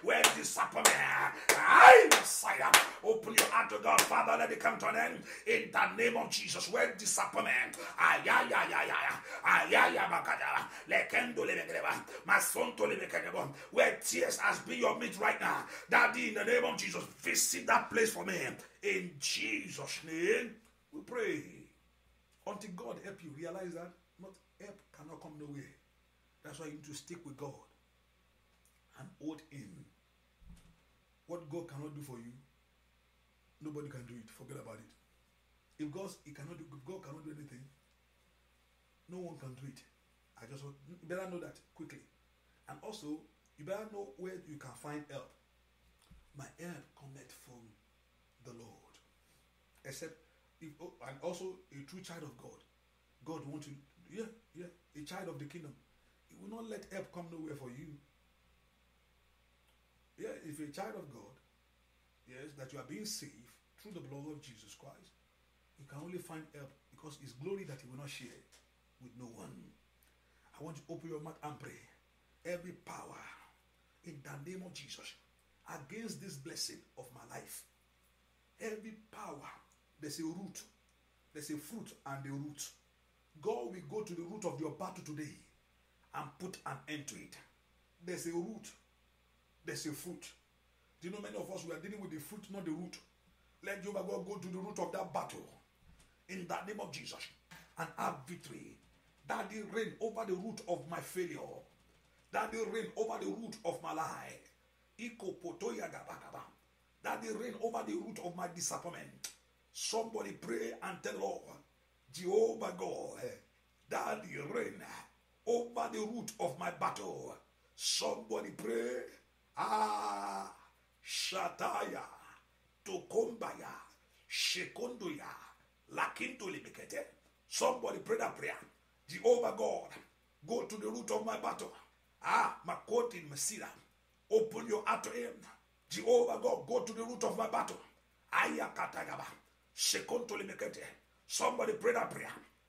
Speaker 3: where disappointment, I Messiah, open your heart to God, Father, let it come to an end. In the name of Jesus, where disappointment, where tears has been your meat right now, Daddy, in the name of Jesus, visit that place for me. In Jesus' name. We pray until
Speaker 1: God help you realize that not help cannot come nowhere. That's why you need to stick with God and hold Him. What God cannot do for you, nobody can do it. Forget about it. If God He cannot do, if God cannot do anything, no one can do it. I just want, you better know that quickly, and also you better know where you can find help. My help cometh from the Lord. Except if, oh, and also a true child of God. God wants you, yeah, yeah, a child of the kingdom. He will not let help come nowhere for you. Yeah, if you're a child of God, yes, that you are being saved through the blood of Jesus Christ, you can only find help because it's glory that He will not share with no one. I want you to open your mouth and pray. Every power in the name of Jesus against this blessing of my life, every power There's a root, there's a fruit and a root. God will go to the root of your battle today and put an end to it. There's a root, there's a fruit. Do you know many of us we are dealing with the fruit, not the root? Let Jehovah God go to the root of that battle in the name of Jesus and have victory. That they reign over the root of my failure. That they reign over the root of my lie. That they reign over the root of my disappointment. Somebody pray and tell Lord, Jehovah God, that you reign
Speaker 3: over the root of my battle. Somebody pray. Ah, Shataya, Tokombaya, Shekondoya, Lakinto Limikete. Somebody pray that prayer. Jehovah God, go to the root of my battle. Ah, Makotin Masira, open your heart to him. Jehovah God, go to the root of my battle. Ayakatagaba. Somebody pray that prayer.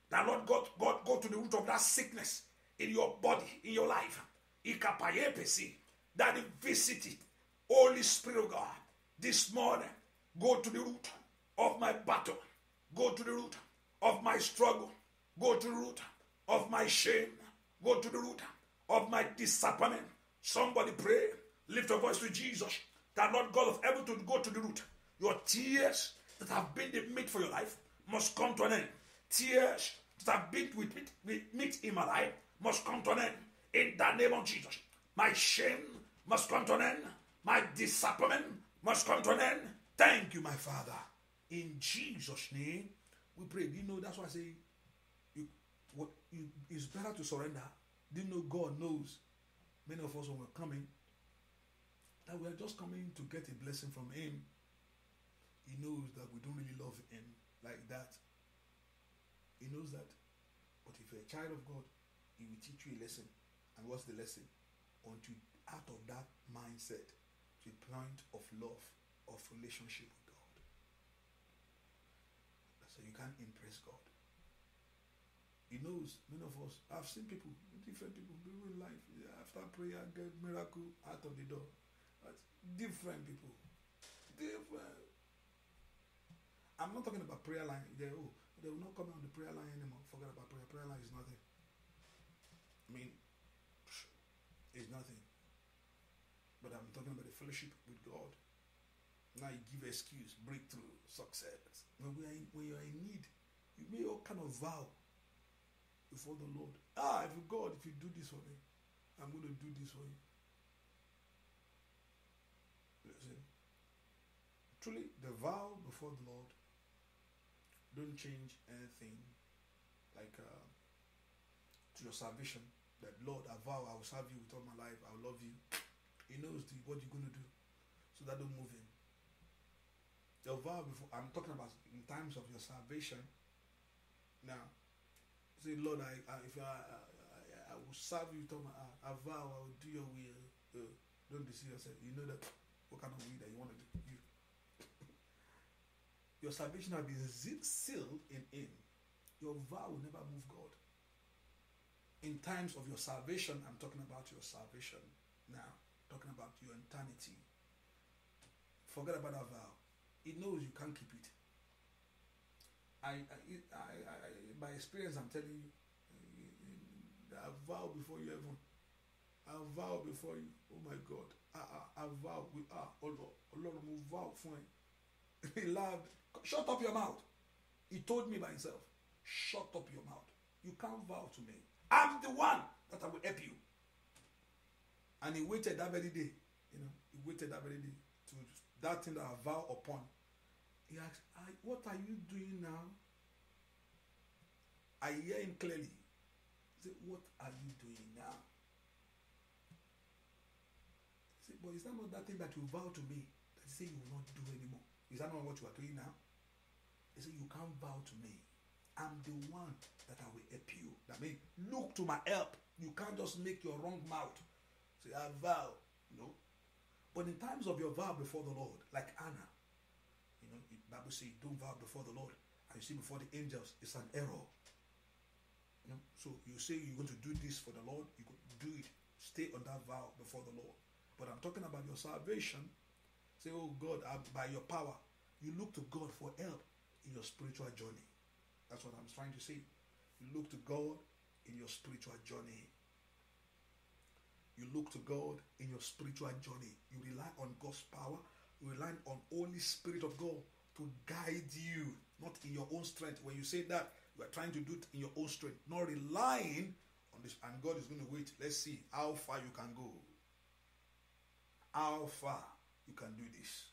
Speaker 3: That Lord God, God go to the root of that sickness in your body, in your life. That visit it. Holy Spirit of God, this morning, go to the root of my battle. Go to the root of my struggle. Go to the root of my shame. Go to the root of my disappointment. Somebody pray. Lift your voice to Jesus. That Lord God of heaven to go to the root. Your tears that have been the meat for your life must come to an end. Tears that have been with meat, meat in my life must come to an end. In the name of Jesus, my shame must come to an end. My disappointment must come to an end. Thank you, my Father.
Speaker 1: In Jesus' name, we pray. Do you know that's why I say you, what, you, it's better to surrender. Do you know God knows many of us when we're coming that we are just coming to get a blessing from Him He knows that we don't really love Him like that. He knows that. But if you're a child of God, He will teach you a lesson. And what's the lesson? Until out of that mindset the point of love, of relationship with God. So you can't impress God. He knows many of us. I've seen people, different people, people in life. After prayer, get miracle out of the door. But different people, different I'm not talking about prayer line. They, oh, they will not come on the prayer line anymore. Forget about prayer. Prayer line is nothing. I mean, it's nothing. But I'm talking about the fellowship with God. Now you give excuse, breakthrough, success. When, we are in, when you are in need, you make all kind of vow before the Lord. Ah, if you, God, if you do this for me, I'm going to do this for you. Listen. Truly, the vow before the Lord don't change anything. Like uh, to your salvation, that Lord, I vow I will serve you with all my life. I will love you. He knows the, what you're going to do, so that don't move him. Your vow before I'm talking about in times of your salvation. Now, say Lord, I, I if I, I, I will serve you with all my I vow I will do your will. Uh, don't deceive yourself. You know that what kind of will that you want to do. You Your salvation has been sealed in Him. Your vow will never move God. In times of your salvation, I'm talking about your salvation now, talking about your eternity. Forget about that vow. It knows you can't keep it. I, I, I, I by experience, I'm telling you, eh, eh, eh, I vow before you heaven. I vow before you. Oh my God. I, ah, I, ah, I vow. We are. Ah, oh Lord, move vow for ẹ. (laughs) He laughed. Shut up your mouth. He told me by himself, Shut up your mouth. You can't vow to me. I'm the one that I will help you. And he waited that very day. You know, he waited that very day to that thing that I vow upon. He asked, What are you doing now? I hear him clearly. He said, What are you doing now? He said, But is that not that thing that you vow to me that you say you will not do anymore? Is that not what you are doing now? He said, You can't bow to me. I'm the one that I will help you. That means look to my help. You can't just make your wrong mouth. Say, I vow. You know. But in times of your vow before the Lord, like Anna, you know, the Bible says, don't vow before the Lord. And you see before the angels, it's an error. You know? So you say you're going to do this for the Lord, you could do it. Stay on that vow before the Lord. But I'm talking about your salvation. Say, oh God, by your power, you look to God for help in your spiritual journey. That's what I'm trying to say. You look to God in your spiritual journey. You look to God in your spiritual journey. You rely on God's power. You rely on Holy Spirit of God to guide you, not in your own strength. When you say that, you are trying to do it in your own strength, not relying on this. And God is going to wait. Let's see how far you can go. How far you can do this.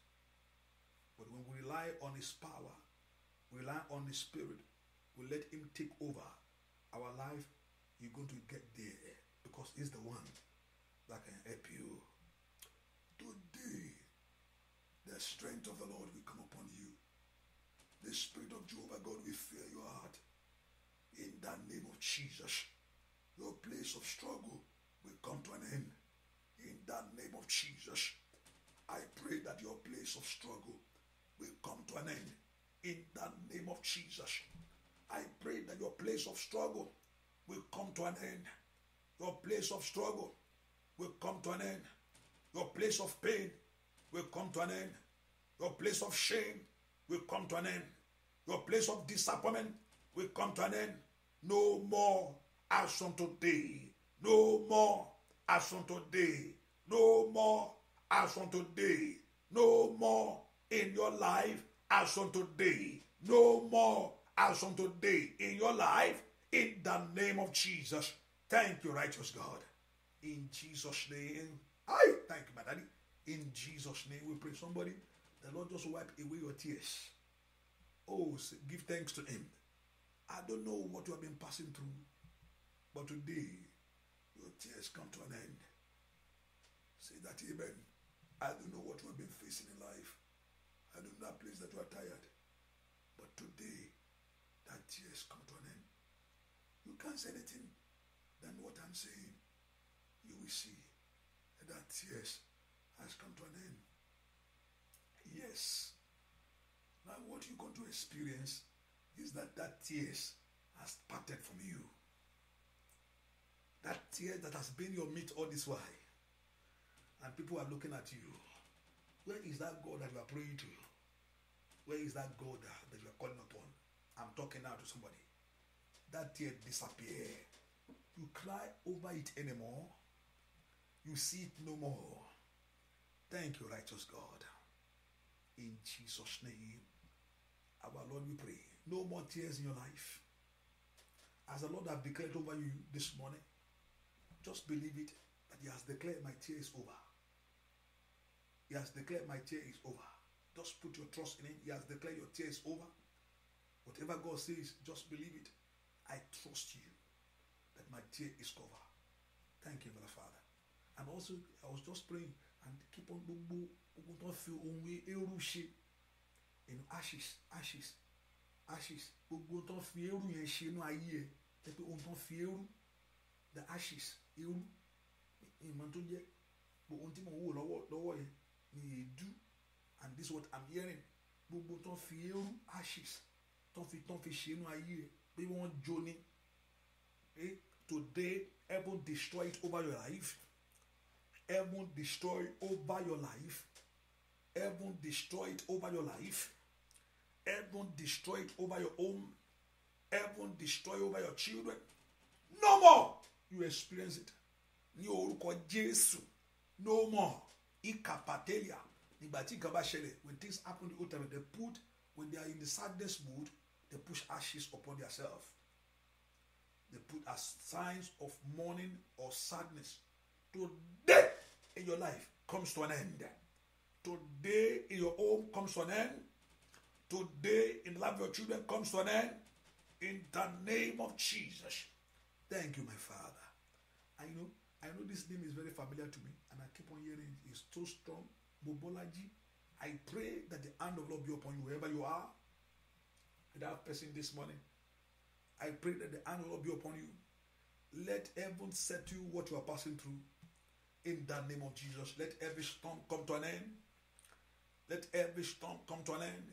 Speaker 1: But when we rely on His power, Rely on the Spirit. We let Him take over our life. You're going to get there because He's the one that can help you. Today, the strength of the Lord will come upon you. The Spirit of Jehovah God will fill your heart. In the name of Jesus, your place of struggle will come to an end. In the name of Jesus, I pray that your place of struggle will come to an end in the name of Jesus. I pray that your place of struggle will come to an end. Your place of struggle will come to an end. Your place of pain will come to an end. Your place of shame will come to an end. Your place of disappointment will come to an end. No more as from today. No more as from today. No more as from today. No more in your life as on today. No more as on today in your life in the name of Jesus. Thank you, righteous God. In Jesus' name. I thank you, my daddy. In Jesus' name, we pray. Somebody, the Lord just wipe away your tears. Oh, give thanks to Him. I don't know what you have been passing through, but today your tears come to an end. Say that, Amen. I don't know what you have been facing in life, and in that place that you are tired. But today, that tears come to an end. You can't say anything than what I'm saying. You will see that tears has come to an end. Yes. Now what you're going to experience is that that tears has parted from you. That tear that has been your meat all this while. And people are looking at you Where is that God that you are praying to? Where is that God that you are calling upon? I'm talking now to somebody. That tear disappear. You cry over it anymore. You see it no more. Thank you, righteous God. In Jesus' name, our Lord, we pray. No more tears in your life. As the Lord has declared over you this morning, just believe it that He has declared my tears over. He has declared my tear is over. Just put your trust in Him. He has declared your tear is over. Whatever God says, just believe it. I trust you that my tear is covered. Thank you, Mother Father. And also, I was just praying and keep on gbogbo gbogbo tó ń e, In ashes ashes ashes gbogbo tó ń fi eérú yẹn ṣe inú ayé ẹ the ashes eérú ìmọ̀ tó jẹ́ gbogbo ohun tí mò ń wò ni èédú and this what i'm hearing gbogbo tó fi eérú ashes tó fi tó fi ṣe inú ayé rẹ pé wọ́n jó ni eh today heaven destroy it over your life heaven destroy over your life heaven destroy it over your life heaven destroy it over your home heaven destroy over your children no more you experience it ní orúkọ Jésù no more ikapatelia nígbà tí nǹkan bá ṣẹlẹ̀ when things happen in the old time they put when they are in the sadness mood they push ashes upon themselves they put as signs of mourning or sadness today in your life comes to an end today in your home comes to an end today in love life your children comes to an end in the name of Jesus thank you my father I know I know this name is very familiar to me, and I keep on hearing It's so strong. Mobology. I pray that the hand of Lord be upon you wherever you are. That person this morning. I pray that the hand of Lord be upon you. Let heaven set you what you are passing through. In the name of Jesus, let every storm come to an end. Let every storm come to an end.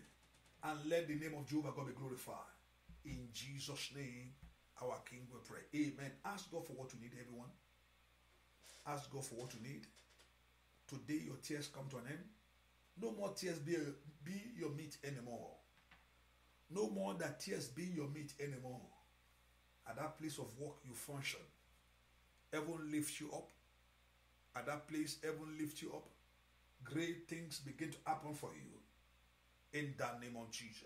Speaker 1: And let the name of Jehovah God be glorified. In Jesus' name, our King will pray. Amen. Ask God for what you need, everyone. Ask God for what you need. Today your tears come to an end. No more tears be, be your meat anymore. No more that tears be your meat anymore. At that place of work you function. Heaven lifts you up. At that place, heaven lifts you up. Great things begin to happen for you. In the name of Jesus.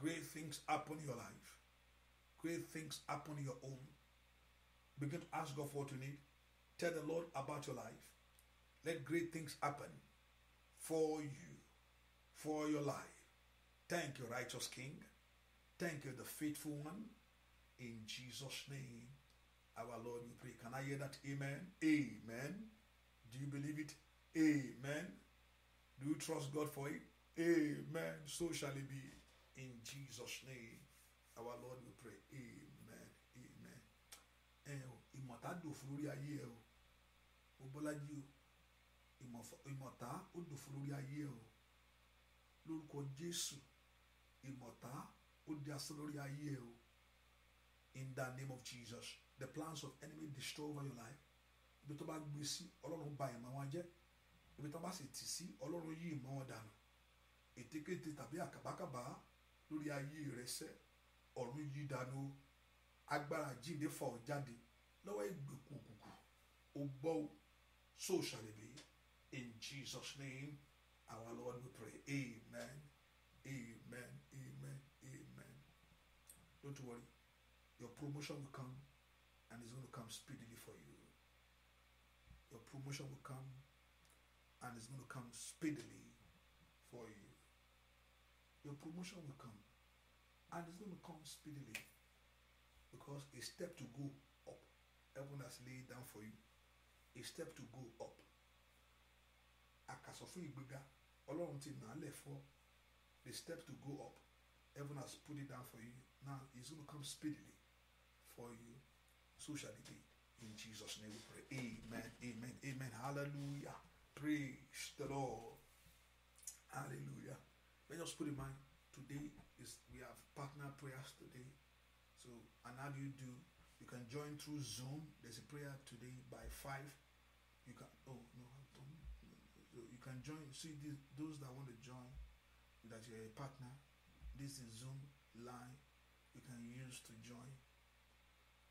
Speaker 1: Great things happen in your life. Great things happen in your own. Begin to ask God for what you need. Tell the Lord about your life. Let great things happen for you, for your life. Thank you, righteous King. Thank you, the faithful one. In Jesus' name, our Lord, we pray. Can I hear that? Amen. Amen. Do you believe it? Amen. Do you trust God for it? Amen. So shall it be. In Jesus' name, our Lord, we pray. Amen. Amen. ẹ ò ìmọ̀tádò fún lórí o bọ́lájí o ìmọ̀ta ó dòfo lórí ayé ẹ o lórúkọ jésù ìmọ̀ta ó di asán lórí ayé o in the name of jesus the plans of enemy destroy over your life ibi tó bá gbé sí ọlọ́run bà ìmọ̀ wọn jẹ́ ibi tó bá sì tì sí ọlọ́run yí ìmọ̀ wọn dànù ètekéte tàbí àkàbákàbá lórí ayé rẹ sẹ́ ọ̀run yí dànù agbára jíǹde fà ọ́ jáde lọ́wọ́ ìgbèkùn ó bọ́ ọ́. so shall it be. In Jesus' name, our Lord, we pray. Amen. Amen. Amen. Amen. Don't worry. Your promotion will come and it's going to come speedily for you. Your promotion will come and it's going to come speedily for you. Your promotion will come and it's going to come speedily because a step to go up, heaven has laid down for you a step to go up àkàsọ̀ fún ìgbéga ọlọ́run ti nà á the step to go up heaven has put it down for you now it's gonna come speedily for you so shall it be in Jesus name we pray amen amen amen hallelujah praise the Lord hallelujah let us put in mind today is we have partner prayers today so and how do you do you can join through Zoom there's a prayer today by five you can oh no, you can join. See these, those that want to join, that you're a partner. This is Zoom line. You can use to join.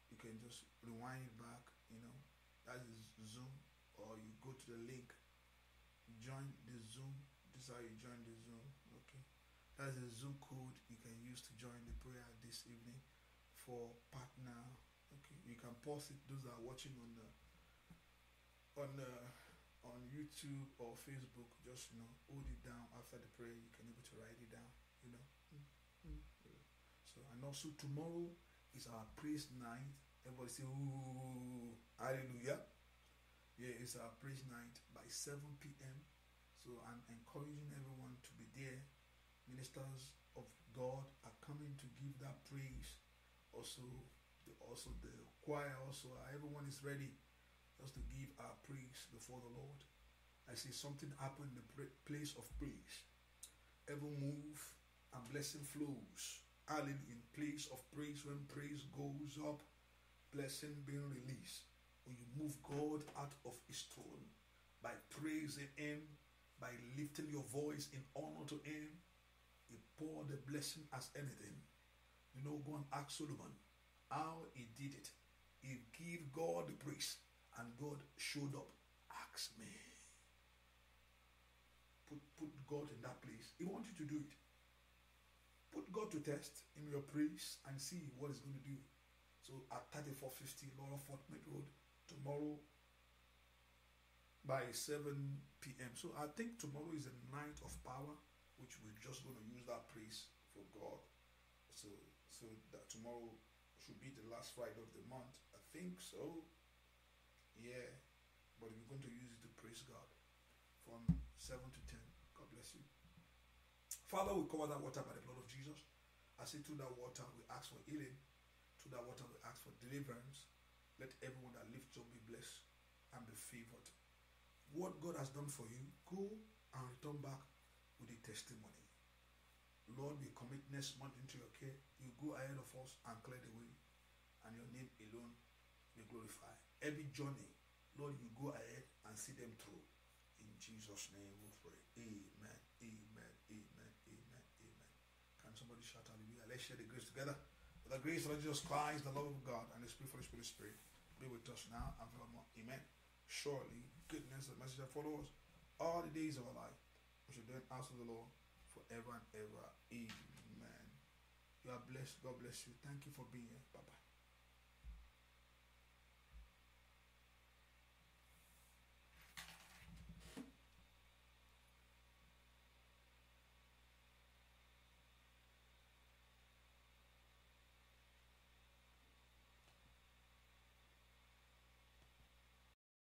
Speaker 1: You can just rewind it back. You know that is Zoom, or you go to the link. Join the Zoom. This is how you join the Zoom. Okay, that's a Zoom code you can use to join the prayer this evening for partner. Okay, you can pause it. Those that are watching on the on uh, on YouTube or Facebook, just you know, hold it down after the prayer. You can able to write it down. You know. Mm-hmm. Yeah. So and also tomorrow is our praise night. Everybody say, "Ooh, hallelujah!" Yeah, it's our praise night by 7 p.m. So I'm encouraging everyone to be there. Ministers of God are coming to give that praise. Also, the, also the choir also everyone is ready us to give our praise before the Lord. I see something happen in the place of praise. Ever move and blessing flows. Alan in place of praise when praise goes up, blessing being released. When you move God out of his throne by praising him, by lifting your voice in honor to him, you pour the blessing as anything. You know, go and ask Solomon how he did it. He gave God the praise and God showed up. Ask me. Put, put God in that place. He wants you to do it. Put God to test in your praise and see what He's going to do. So at 3450 Laura Fortnite Road tomorrow by 7 p.m. So I think tomorrow is the night of power, which we're just going to use that praise for God. So so that tomorrow should be the last Friday of the month. I think so. Yeah. But we're going to use it to praise God from 7 to 10. God bless you. Father, we cover that water by the blood of Jesus. I say to that water, we ask for healing. To that water, we ask for deliverance. Let everyone that lifts up be blessed and be favored. What God has done for you, go and return back with a testimony. Lord, we commit next month into your care. You go ahead of us and clear the way, and your name alone be glorified every journey, Lord, you go ahead and see them through. In Jesus' name we pray. Amen. Amen. Amen. Amen. Amen. Can somebody shout hallelujah? Let's share the grace together. With the grace of Jesus Christ, the love of God, and the Spirit for the Spirit, Spirit be with us now and forevermore. Amen. Surely, goodness and message that follows, all the days of our life. We should then ask of the Lord forever and ever. Amen. You are blessed. God bless you. Thank you for being here. Bye bye.